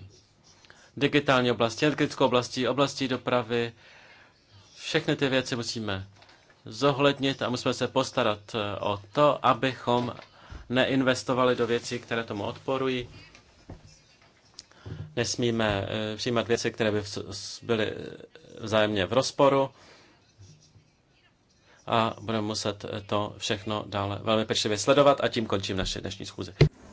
[SPEAKER 2] digitální oblastí, energetickou oblastí, oblastí dopravy. Všechny ty věci musíme zohlednit a musíme se postarat eh, o to, abychom neinvestovali do věcí, které tomu odporují. Nesmíme eh, přijímat věci, které by byly eh, vzájemně v rozporu a budeme muset to všechno dále velmi pečlivě sledovat a tím končím naše dnešní schůzi.